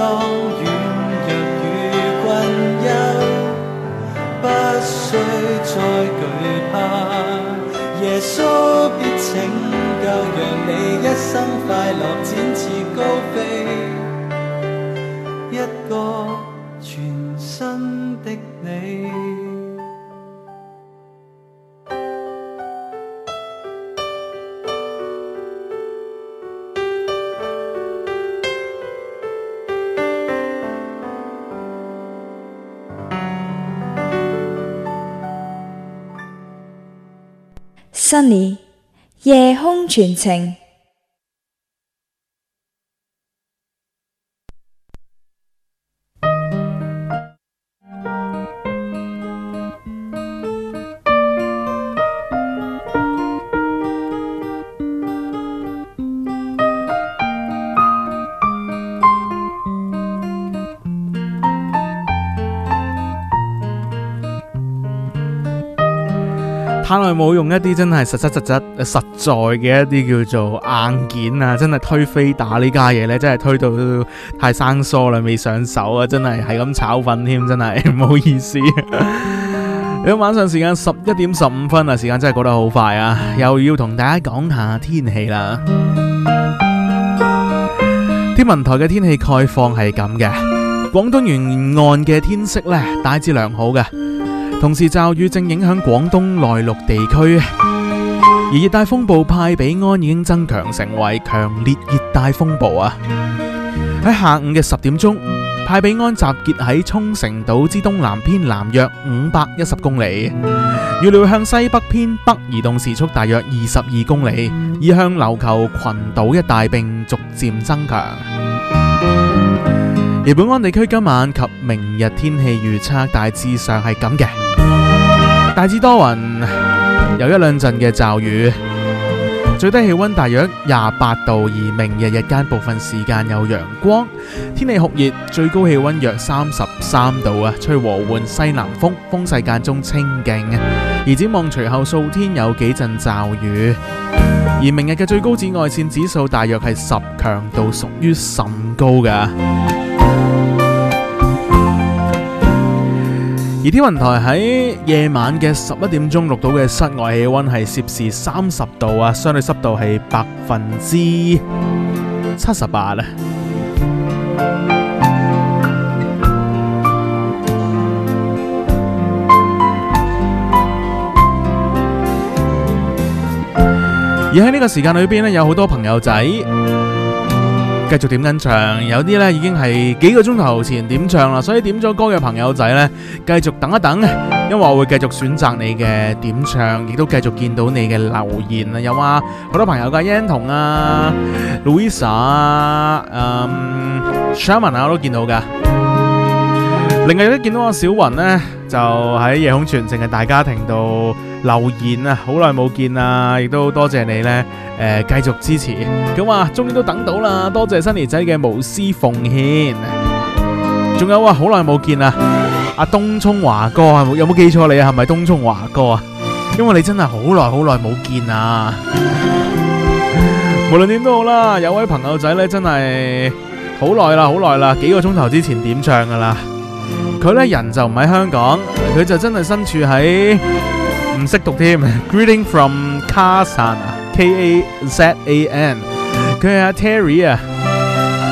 當軟弱與困憂，不需再懼怕，耶穌必拯救，讓你一生快樂展翅高飛，一個全新的你。夜空傳情。冇用一啲真係實實實實實在嘅一啲叫做硬件啊，真係推飛打呢家嘢咧，真係推到太生疏啦，未上手啊，真係係咁炒粉添，真係唔好意思。咁 晚上時間十一點十五分啊，時間真係過得好快啊，又要同大家講下天氣啦。天文台嘅天氣概況係咁嘅，廣東沿岸嘅天色呢，大致良好嘅。同時，驟雨正影響廣東內陸地區，而熱帶風暴派比安已經增強成為強烈熱帶風暴啊！喺下午嘅十點鐘，派比安集結喺沖繩島之東南偏南約五百一十公里，預料向西北偏北移動，時速大約二十二公里，以向琉球群島一帶並逐漸增強。而本安地區今晚及明日天氣預測大致上係咁嘅，大致多雲，有一兩陣嘅驟雨，最低氣溫大約廿八度，而明日日間部分時間有陽光，天氣酷熱，最高氣溫約三十三度啊，吹和緩西南風，風勢間中清勁，而展望隨後數天有幾陣驟雨，而明日嘅最高紫外線指數大約係十，強度屬於甚高㗎。而天文台喺夜晚嘅十一點鐘錄到嘅室外氣溫係攝氏三十度啊，相對濕度係百分之七十八咧。而喺呢個時間裏邊呢，有好多朋友仔。繼續點緊唱，有啲咧已經係幾個鐘頭前點唱啦，所以點咗歌嘅朋友仔咧，繼續等一等，因為我會繼續選擇你嘅點唱，亦都繼續見到你嘅留言啊，有啊，好多朋友噶，En 同啊，Louisa 啊，嗯，Shaman 啊我都見到噶，另外有啲見到阿小雲呢，就喺夜空傳情嘅大家庭度留言啊，好耐冇見啊，亦都多謝你咧。誒，繼續支持，咁啊，終於都等到啦，多謝 Sunny 仔嘅無私奉獻。仲有啊，好耐冇見啦，阿東涌華哥係冇，有冇記錯你啊？係咪東涌華哥啊？因為你真係好耐好耐冇見啊！無論點都好啦，有位朋友仔咧，真係好耐啦，好耐啦，幾個鐘頭之前點唱噶啦？佢咧人就唔喺香港，佢就真係身處喺唔識讀添。 Greeting from Carson K A Z A N，佢係阿 Terry 啊。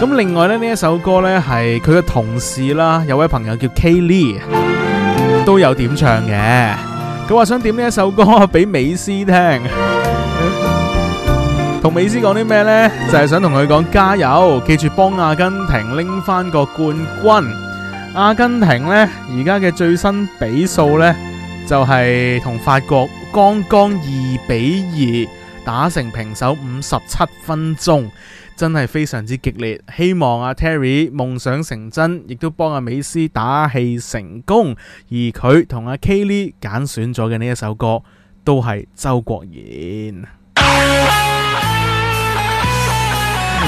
咁另外咧，呢一首歌咧係佢嘅同事啦，有位朋友叫 Kaley 都有點唱嘅。佢話想點呢一首歌俾美斯聽，同美斯講啲咩呢？就係想同佢講加油，記住幫阿根廷拎翻個冠軍。阿根廷呢，而家嘅最新比數呢，就係同法國剛剛二比二。打成平手，五十七分鐘，真係非常之激烈。希望阿、啊、Terry 夢想成真，亦都幫阿、啊、美斯打氣成功。而佢同阿 Kelly 揀選咗嘅呢一首歌，都係周國賢。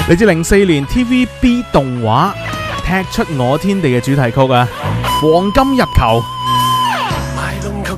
嚟 自零四年 TVB 動畫《踢出我天地》嘅主題曲啊，黃金入球。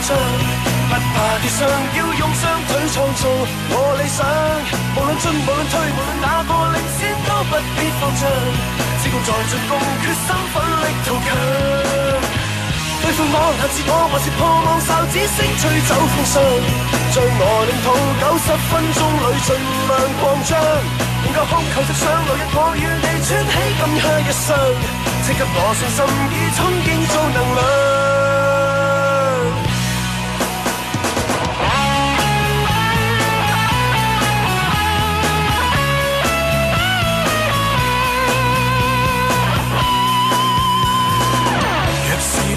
不怕跌傷，要用雙腿創造我理想。無論進，無論退，哪個領先都不必放寸，只管在進攻，決心奮力圖強。對付我，難自我，還是破網哨指聲，吹走風霜。在我領土九十分鐘裏盡量擴張，能空控直上路，來日我與你穿起今黑一雙，請給我信心與衝勁做能量。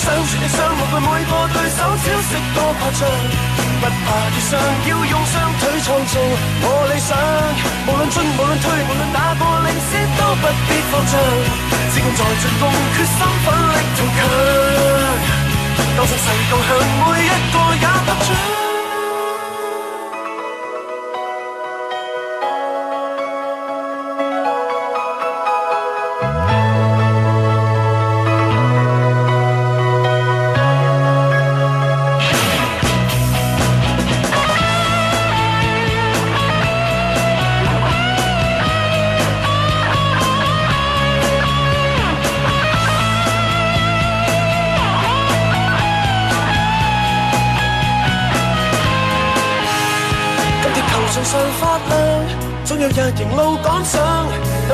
想說你想無懼每個對手，招式多誇張，不怕跌傷，要用雙腿創造我理想。無論進，無論退，無論哪個領先都不必放張，只管再進攻，決心奮力衝強，當勝世道向每一個也不屈。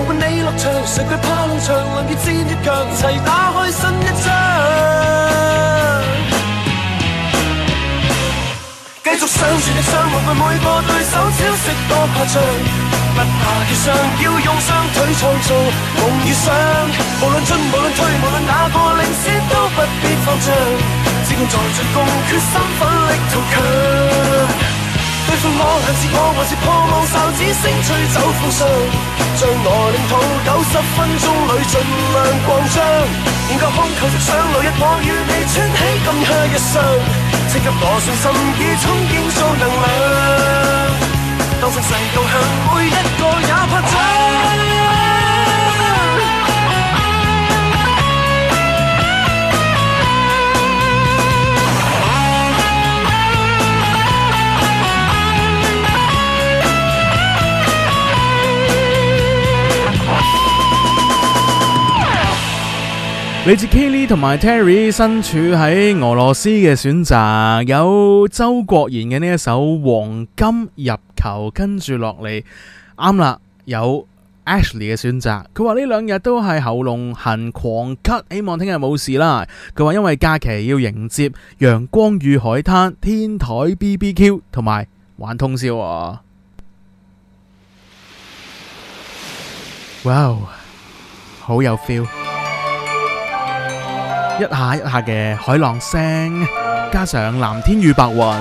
伴你落場，誰懼怕落場，能越戰越強，齊打開新一章。繼 續上，全力上。面對每個對手，招式多誇張，不怕跌傷，要用雙腿創造夢與想，無論進，無論退，無論哪個領先都不必慌張，志在進攻，決心奮力圖強。對付我還是我，還是破網，哨子聲吹走風霜，將我領土九十分鐘裏盡量擴張。研究空投着上路，日我與你穿起金靴一雙，請給我信心與衝勁，做能量。當聲勢，倒向每一個也拍掌。嚟自 Kylie 同埋 Terry 身處喺俄羅斯嘅選擇，有周國賢嘅呢一首《黃金入球》，跟住落嚟啱啦，有 Ashley 嘅選擇，佢話呢兩日都係喉嚨痕狂咳，希望聽日冇事啦。佢話因為假期要迎接陽光與海灘、天台 BBQ 同埋玩通宵啊！哇、wow，好有 feel！一下一下嘅海浪聲，加上藍天與白雲，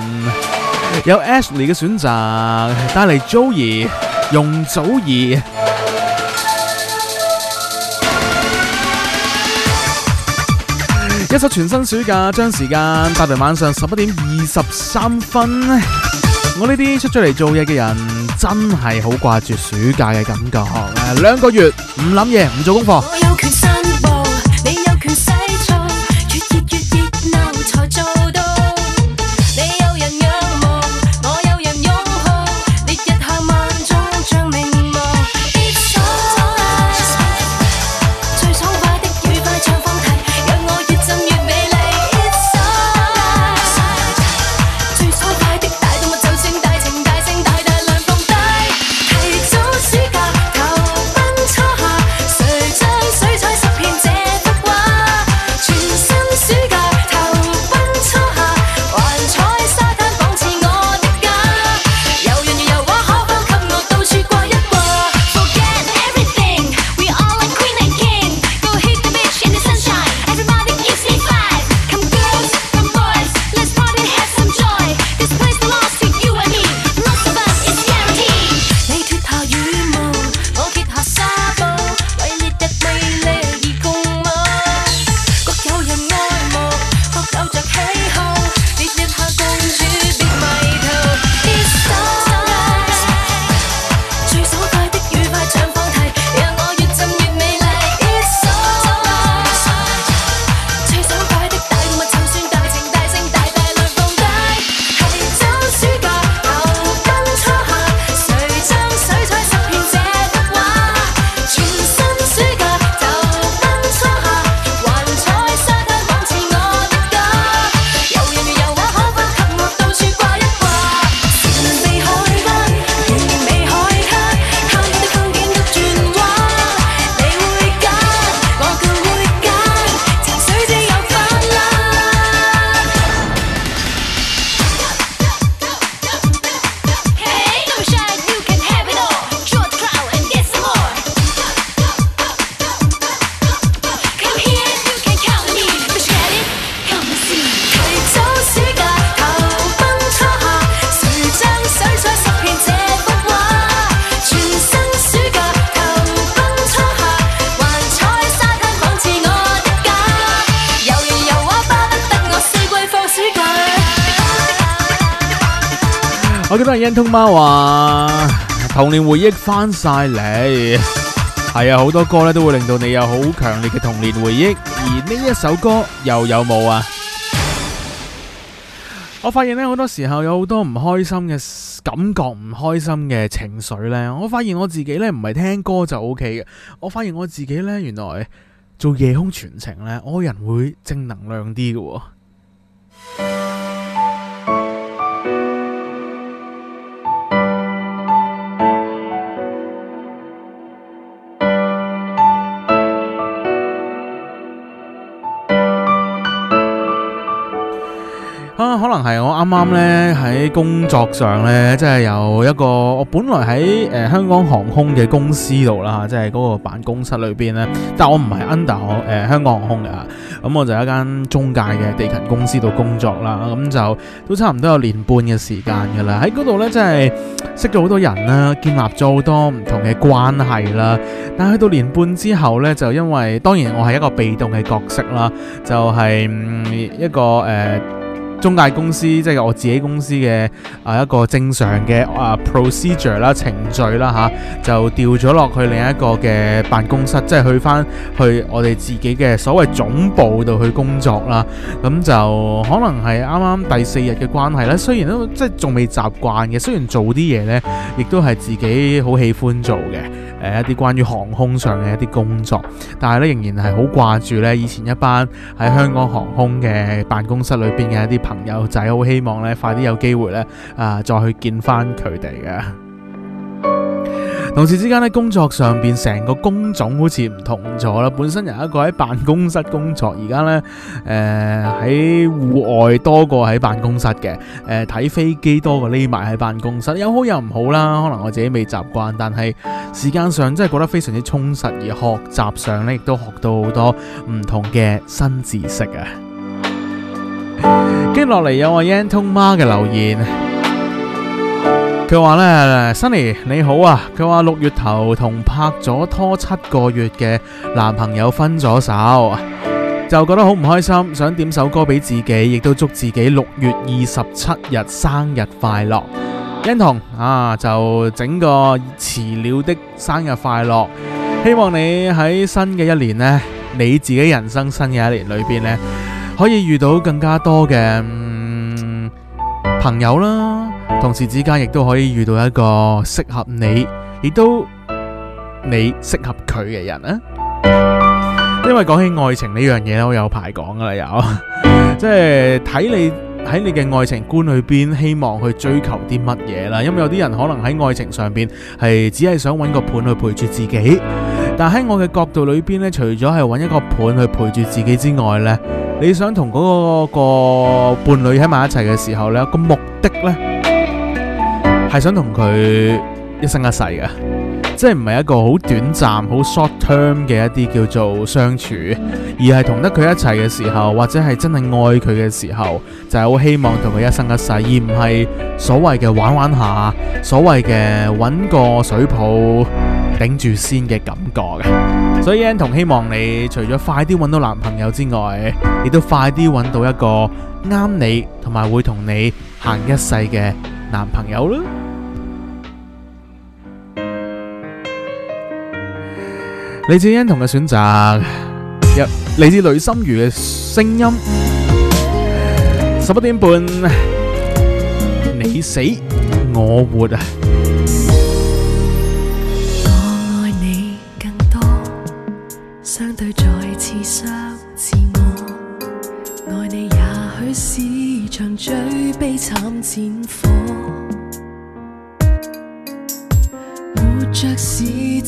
有 Ashley 嘅選擇，帶嚟 Joey 容祖兒 一首全新暑假，將時間帶嚟晚上十一點二十三分。 我呢啲出咗嚟做嘢嘅人，真係好掛住暑假嘅感覺。兩個月唔諗嘢，唔做功課。有通媽話童年回憶翻晒嚟，係 啊，好多歌都會令到你有好強烈嘅童年回憶，而呢一首歌又有冇啊？我發現呢，好多時候有好多唔開心嘅感覺，唔開心嘅情緒呢，我發現我自己呢，唔係聽歌就 O K 嘅，我發現我自己呢，我發現我自己原來做夜空傳情呢，我人會正能量啲嘅。可能係我啱啱呢，喺工作上呢，即係有一個我本來喺，誒、呃、香港航空嘅公司度啦，即係嗰個辦公室裏邊呢。但係我唔係 under 誒、呃、香港航空嘅，咁、嗯、我就喺一間中介嘅地勤公司度工作啦。咁、嗯、就都差唔多有年半嘅時間噶啦。喺嗰度呢，真係識咗好多人啦，建立咗好多唔同嘅關係啦。但係去到年半之後呢，就因為當然我係一個被動嘅角色啦，就係、是嗯、一個誒。呃中介公司即係、就是、我自己公司嘅啊一個正常嘅啊 procedure 啦程序啦吓，就調咗落去另一個嘅辦公室，即係去翻去我哋自己嘅所謂總部度去工作啦。咁就可能係啱啱第四日嘅關係啦，雖然都即係仲未習慣嘅，雖然做啲嘢咧，亦都係自己好喜歡做嘅，誒一啲關於航空上嘅一啲工作，但係咧仍然係好掛住咧以前一班喺香港航空嘅辦公室裏邊嘅一啲。朋友仔好希望咧，快啲有機會咧，啊，再去見翻佢哋嘅。同時之間咧，工作上邊成個工種好似唔同咗啦。本身有一個喺辦公室工作，現在呢，而家咧，誒喺戶外多過喺辦公室嘅。誒、呃、睇飛機多過匿埋喺辦公室，有好有唔好啦。可能我自己未習慣，但係時間上真係覺得非常之充實，而學習上咧亦都學到好多唔同嘅新知識啊！跟落嚟有我 En t o n 媽嘅留言，佢話呢，Sunny 你好啊，佢話六月頭同拍咗拖七個月嘅男朋友分咗手，就覺得好唔開心，想點首歌俾自己，亦都祝自己六月二十七日生日快樂。En t o n 啊，就整個遲了的生日快樂，希望你喺新嘅一年呢，你自己人生新嘅一年裏邊呢。可以遇到更加多嘅朋友啦，同時之間亦都可以遇到一個適合你，亦都你適合佢嘅人啊！因為講起愛情呢樣嘢，我有排講㗎啦，有即係睇你喺你嘅愛情觀裏邊，希望去追求啲乜嘢啦。因為有啲人可能喺愛情上邊係只係想揾個伴去陪住自己。但喺我嘅角度裏邊咧，除咗係揾一個伴去陪住自己之外呢，你想同嗰、嗰個嗰個伴侶喺埋一齊嘅時候咧，個目的呢係想同佢一生一世嘅，即係唔係一個好短暫、好 short term 嘅一啲叫做相處，而係同得佢一齊嘅時候，或者係真係愛佢嘅時候，就係、係、好希望同佢一生一世，而唔係所謂嘅玩玩下，所謂嘅揾個水泡。頂住先嘅感覺嘅，所以恩同希望你除咗快啲揾到男朋友之外，亦都快啲揾到一個啱你同埋會同你行一世嘅男朋友囉。嚟自恩同嘅選擇，一嚟自雷心如嘅聲音，十一點半，你死我活啊！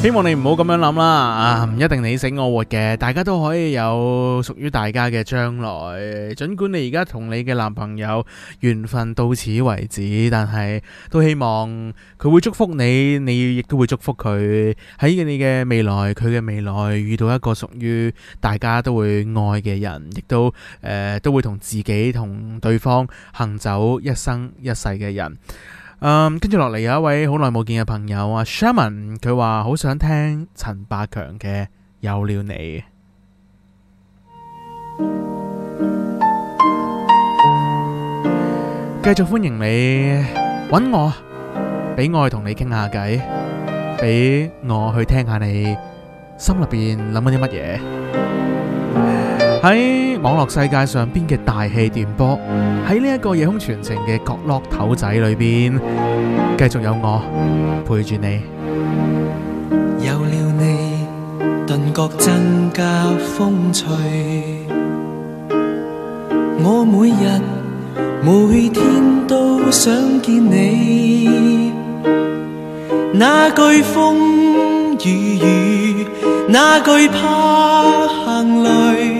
希望你唔好咁樣諗啦，唔、嗯啊、一定你死我活嘅，大家都可以有屬於大家嘅將來。儘管你而家同你嘅男朋友緣分到此為止，但係都希望佢會祝福你，你亦都會祝福佢喺你嘅未來，佢嘅未來遇到一個屬於大家都會愛嘅人，亦都誒、呃、都會同自己同對方行走一生一世嘅人。嗯，跟住落嚟有一位好耐冇見嘅朋友啊，Sherman，佢話好想聽陳百強嘅《有了你》，繼續歡迎你搵我，俾我同你傾下偈，俾我去聽下你心入邊諗緊啲乜嘢。喺網絡世界上邊嘅大氣電波，喺呢一個夜空傳情嘅角落頭仔裏邊，繼續有我陪住你。有了你，頓覺增加風趣。我每日每天都想見你。哪懼風雨雨，哪懼怕行雷。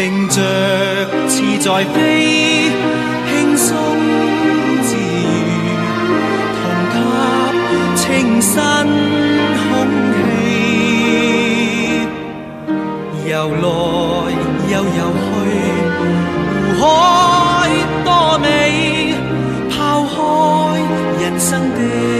並着似在飛，輕鬆自如，同吸清新空氣，游來又游，游去，湖海多美。拋開人生的。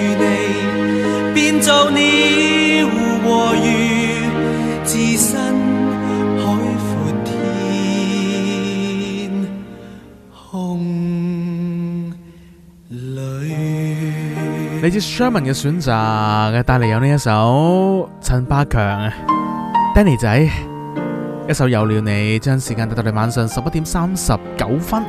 嚟自 Sherman 嘅選擇帶嚟有呢一首陳百強啊，Danny 仔一首有了你，將時間帶到嚟晚上十一點三十九分，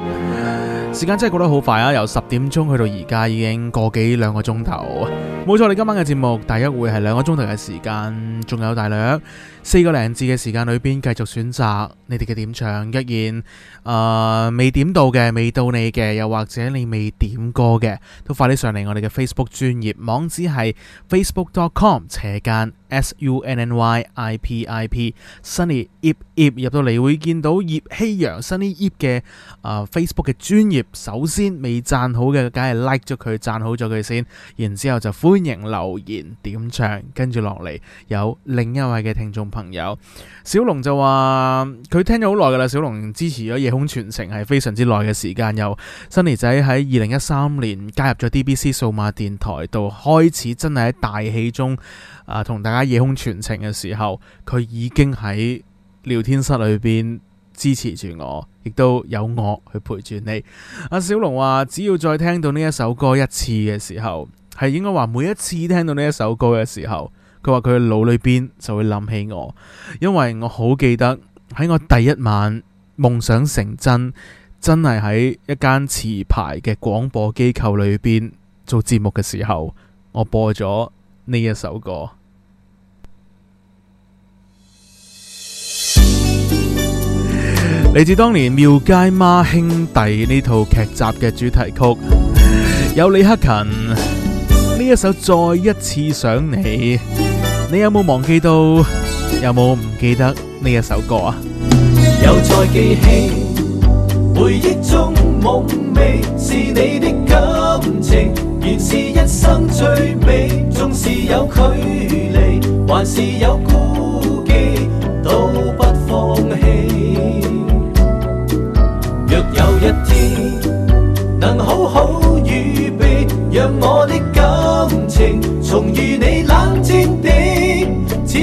時間真係過得好快啊！由十點鐘去到而家已經個幾兩個鐘頭，冇錯，你今晚嘅節目大約會係兩個鐘頭嘅時間，仲有大量。四個零字嘅時間裏邊，繼續選擇你哋嘅點唱。若然，誒、呃、未點到嘅，未到你嘅，又或者你未點歌嘅，都快啲上嚟我哋嘅 Facebook 專頁網址係 facebook.com 斜間 sunnyipip。Sunny Yip Yip，Sunny Yip Yip，入到嚟會見到葉希陽 Sunny Yip 嘅誒 Facebook 嘅專頁。首先未讚好嘅，梗係 like 咗佢，讚好咗佢先。然之後就歡迎留言點唱，跟住落嚟有另一位嘅聽眾。朋友，小龍就話佢聽咗好耐噶啦。小龍支持咗夜空傳情係非常之耐嘅時間。又新妮仔喺二零一三年加入咗 DBC 數碼電台度，到開始真係喺大氣中啊同大家夜空傳情嘅時候，佢已經喺聊天室裏邊支持住我，亦都有我去陪住你。阿小龍話：只要再聽到呢一首歌一次嘅時候，係應該話每一次聽到呢一首歌嘅時候。佢話佢嘅腦裏邊就會諗起我，因為我好記得喺我第一晚夢想成真，真係喺一間持牌嘅廣播機構裏邊做節目嘅時候，我播咗呢一首歌，嚟自當年《廟街媽兄弟》呢套劇集嘅主題曲，有李克勤呢一首《再一次想你》。你有冇忘記到？有冇唔記得呢一首歌啊？又再記起回憶中夢寐是你的感情，原是一生最美，總是有距離，還是有孤寂，都不放棄。若有一天能好好預備，讓我的感情重遇你。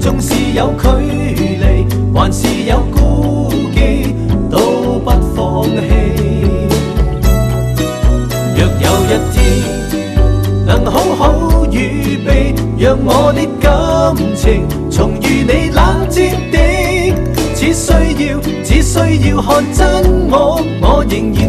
縱是有距離，還是有顧忌，都不放棄。若有一天能好好預備，讓我的感情重遇你冷戰的，只需要，只需要看真我，我仍然，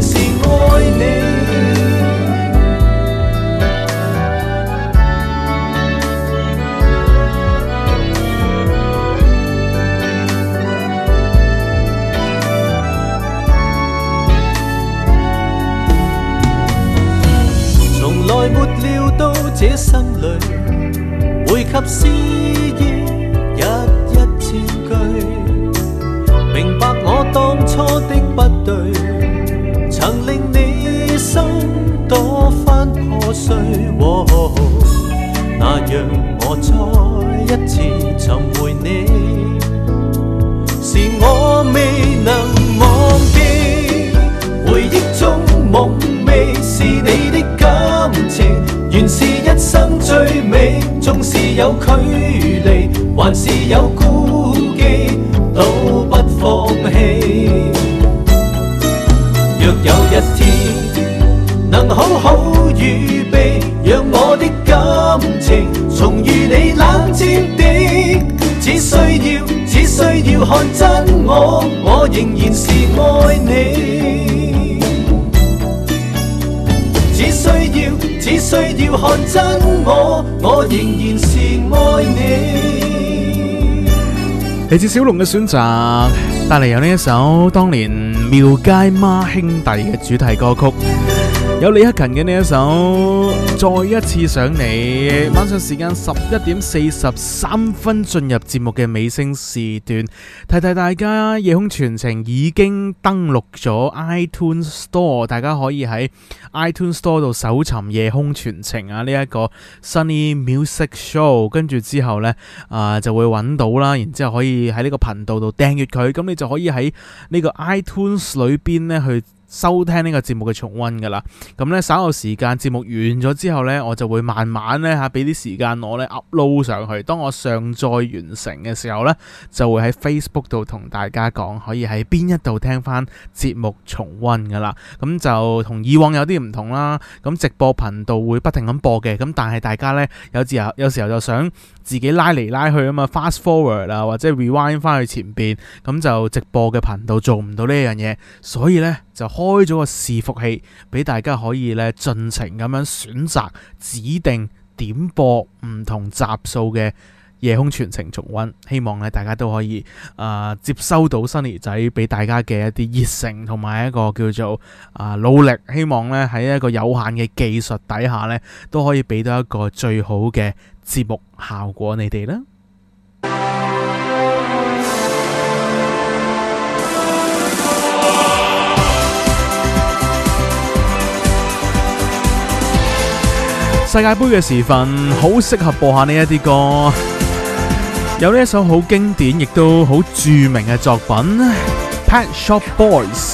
憎我，我仍然是愛你。嚟自小龍嘅選擇，帶嚟有呢一首當年廟街孖兄弟嘅主題歌曲。有李克勤嘅呢一首，再一次想你。晚上時間十一點四十三分進入節目嘅尾聲時段，提提大家，夜空傳情已經登錄咗 iTunes Store，大家可以喺 iTunes Store 度搜尋夜空傳情啊呢一個 Sunny Music Show，跟住之後咧啊、呃、就會揾到啦，然之後可以喺呢個頻道度訂閱佢，咁你就可以喺呢個 iTunes 裏邊咧去，收聽呢個節目嘅重溫㗎啦，咁呢，稍後時間節目完咗之後呢，我就會慢慢呢，嚇俾啲時間我 upload 上，上去。當我上載完成嘅時候呢，就會喺 Facebook 度同大家講，可以喺邊一度聽翻節目重溫㗎啦。咁就同以往有啲唔同啦。咁直播頻道會不停咁播嘅，咁但係大家呢，有，有時候有時候就想自己拉嚟拉去啊嘛，fast forward 啊或者 rewind 翻去前邊咁就直播嘅頻道做唔到呢樣嘢，所以呢。就開咗個伺服器，俾大家可以咧盡情咁樣選擇、指定點播唔同集數嘅《夜空全程重溫》。希望咧大家都可以啊、呃、接收到 Sunny 仔俾大家嘅一啲熱誠同埋一個叫做啊、呃、努力。希望咧喺一個有限嘅技術底下咧，都可以俾到一個最好嘅節目效果，你哋啦。世界杯嘅時分，好適合播下呢一啲歌。有呢一首好經典，亦都好著名嘅作品，《Pet Shop Boys》。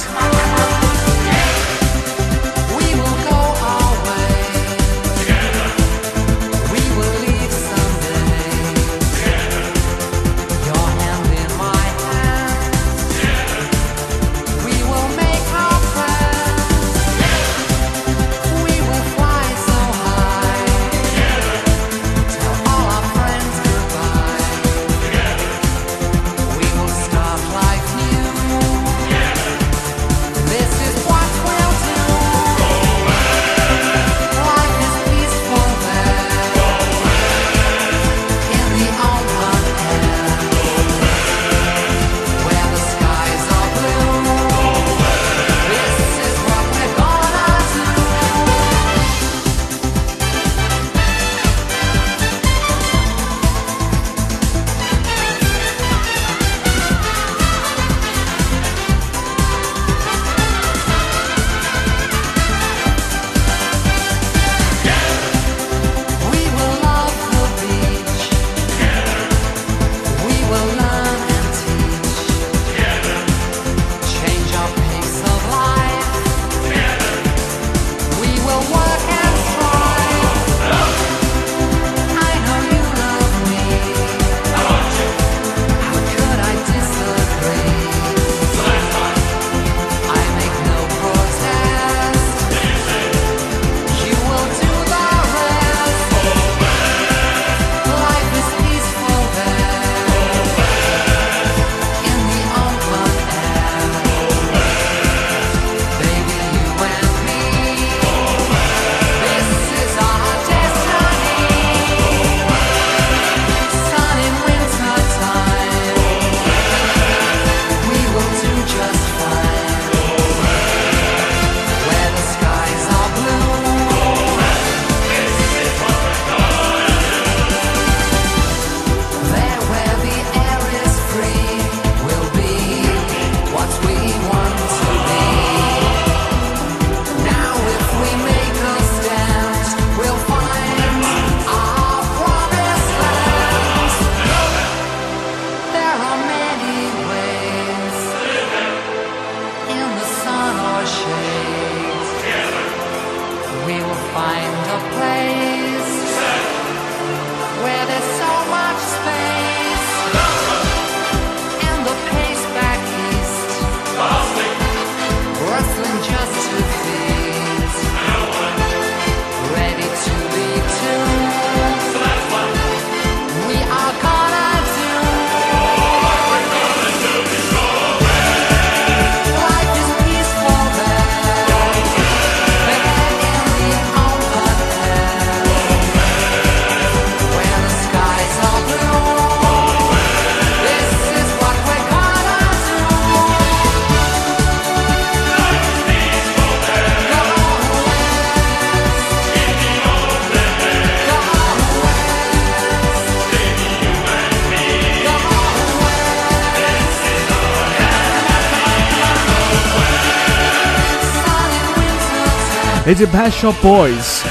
你知 Pet Shop Boys，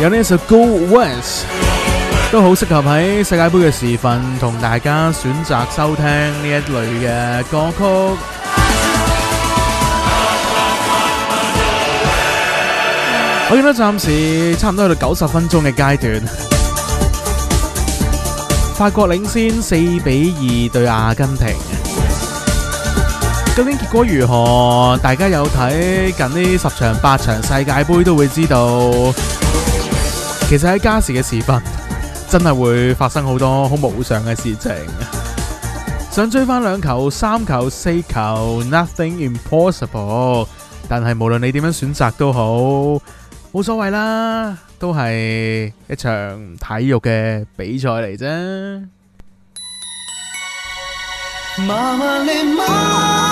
有呢一首《Go West》，都好適合喺世界杯嘅時分同大家選擇收聽呢一類嘅歌曲。我見到暫時差唔多去到九十分鐘嘅階段，法國領先四比二對阿根廷。究竟結果如何？大家有睇近呢十場八場世界盃都會知道。其實喺加時嘅時分，真係會發生好多好無常嘅事情。想追翻兩球、三球、四球，nothing impossible。但係無論你點樣選擇都好，冇所謂啦，都係一場體育嘅比賽嚟啫。媽媽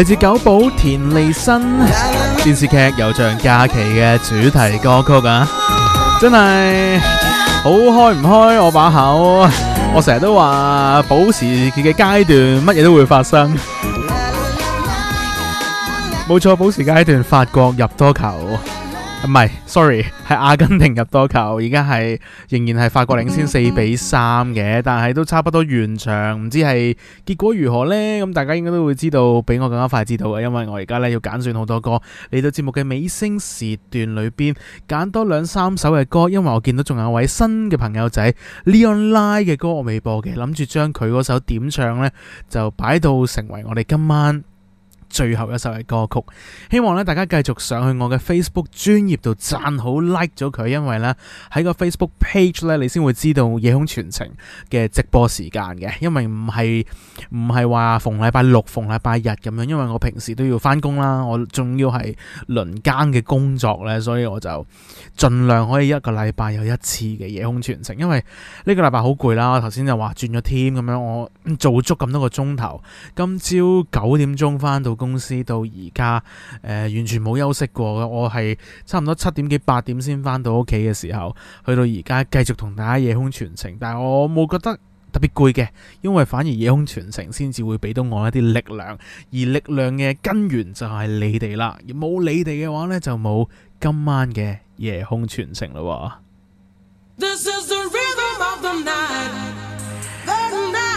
嚟自久保田利伸電視劇《悠長假期》嘅主題歌曲啊，真係好開唔開我把口啊，我成日都話補時嘅階段乜嘢都會發生，冇錯，補時階段法國入多球。唔係，sorry，係阿根廷入多球，而家係仍然係法國領先四比三嘅，但係都差不多完場，唔知係結果如何呢？咁、嗯、大家應該都會知道，比我更加快知道嘅，因為我而家呢要揀選好多歌。嚟到節目嘅尾聲時段裏邊揀多兩三首嘅歌，因為我見到仲有位新嘅朋友仔 Leon Li 嘅歌我未播嘅，諗住將佢嗰首點唱呢，就擺到成為我哋今晚最後一首嘅歌曲，希望咧大家繼續上去我嘅 Facebook 專頁度讚好 like 咗佢，因為呢喺個 Facebook page 呢你先會知道夜空傳情嘅直播時間嘅，因為唔係唔係話逢禮拜六、逢禮拜日咁樣，因為我平時都要翻工啦，我仲要係輪更嘅工作呢，所以我就盡量可以一個禮拜有一次嘅夜空傳情，因為呢個禮拜好攰啦，我頭先就話轉咗 team 咁樣，我做足咁多個鐘頭，今朝九點鐘翻到。公司到而家，誒、呃，完全冇休息過嘅。我係差唔多七點幾、八點先翻到屋企嘅時候，去到而家繼續同大家夜空傳情，但係我冇覺得特別攰嘅，因為反而夜空傳情先至會俾到我一啲力量，而力量嘅根源就係你哋啦。冇你哋嘅話呢，就冇今晚嘅夜空傳情喇。This is the rhythm of the night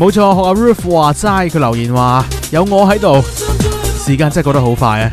冇錯，學阿 Ruth 話齋，佢留言話有我喺度，時間真係過得好快啊！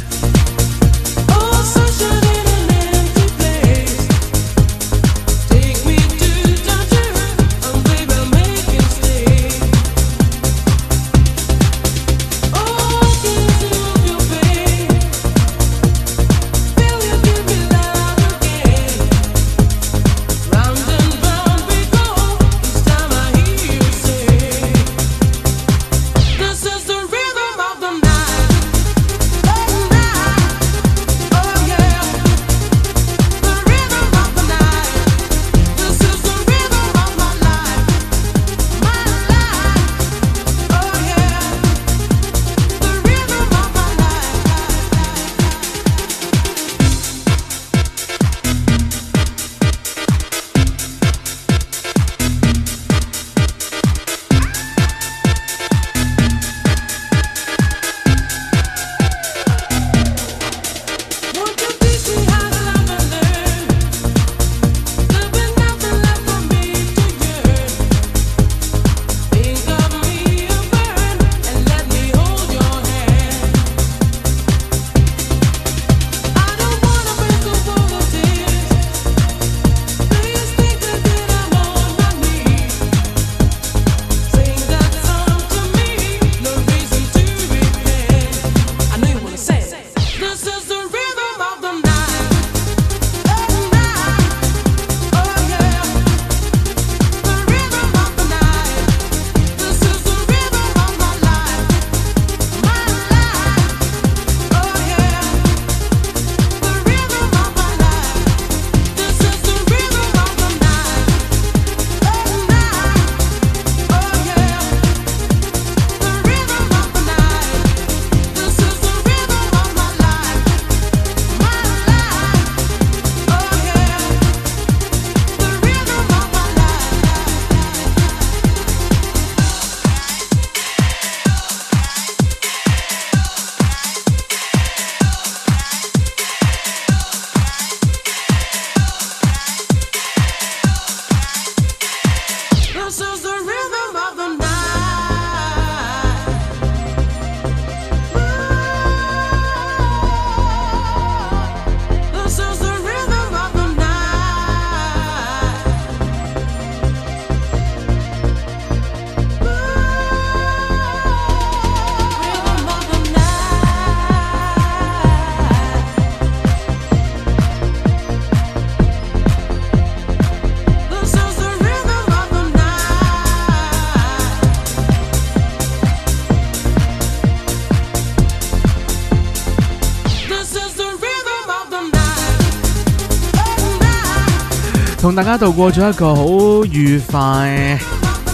大家度過咗一個好愉快、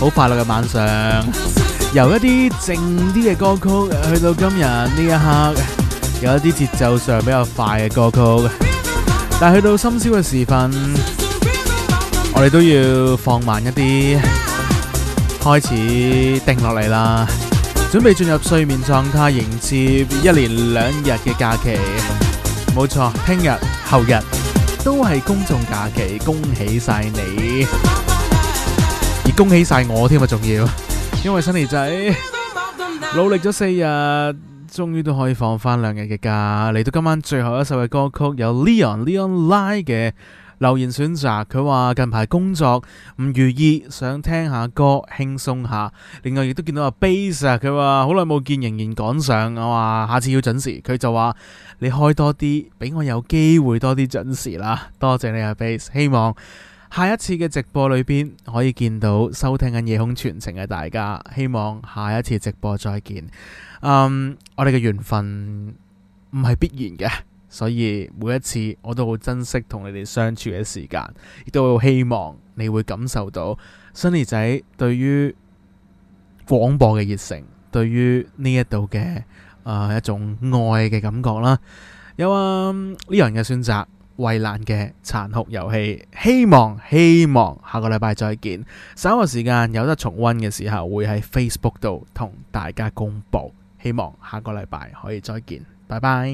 好快樂嘅晚上，由一啲靜啲嘅歌曲去到今日呢一刻，有一啲節奏上比較快嘅歌曲，但係去到深宵嘅時分，我哋都要放慢一啲，開始定落嚟啦，準備進入睡眠狀態，迎接一連兩日嘅假期。冇錯，聽日、後日。都係公眾假期，恭喜晒你，而恭喜晒我添啊！仲要，因為新嚟仔努力咗四日，終於都可以放翻兩日嘅假。嚟到今晚最後一首嘅歌曲，有 Leon, Leon Leon Lie 嘅。留言選擇，佢話近排工作唔如意，想聽下歌輕鬆下。另外亦都見到阿 base，佢話好耐冇見，仍然趕上我話，下次要準時。佢就話你開多啲，俾我有機會多啲準時啦。多謝你阿 base，希望下一次嘅直播裏邊可以見到收聽緊夜空傳情嘅大家。希望下一次直播再見。嗯、um，我哋嘅緣分唔係必然嘅。所以每一次我都好珍惜同你哋相處嘅時間，亦都好希望你會感受到 Sunny 仔對於廣播嘅熱情，對於呢一度嘅誒一種愛嘅感覺啦。有啊，呢樣嘅選擇衛蘭嘅殘酷遊戲，希望希望下個禮拜再見。稍後時間有得重温嘅時候，會喺 Facebook 度同大家公布。希望下個禮拜可以再見，拜拜。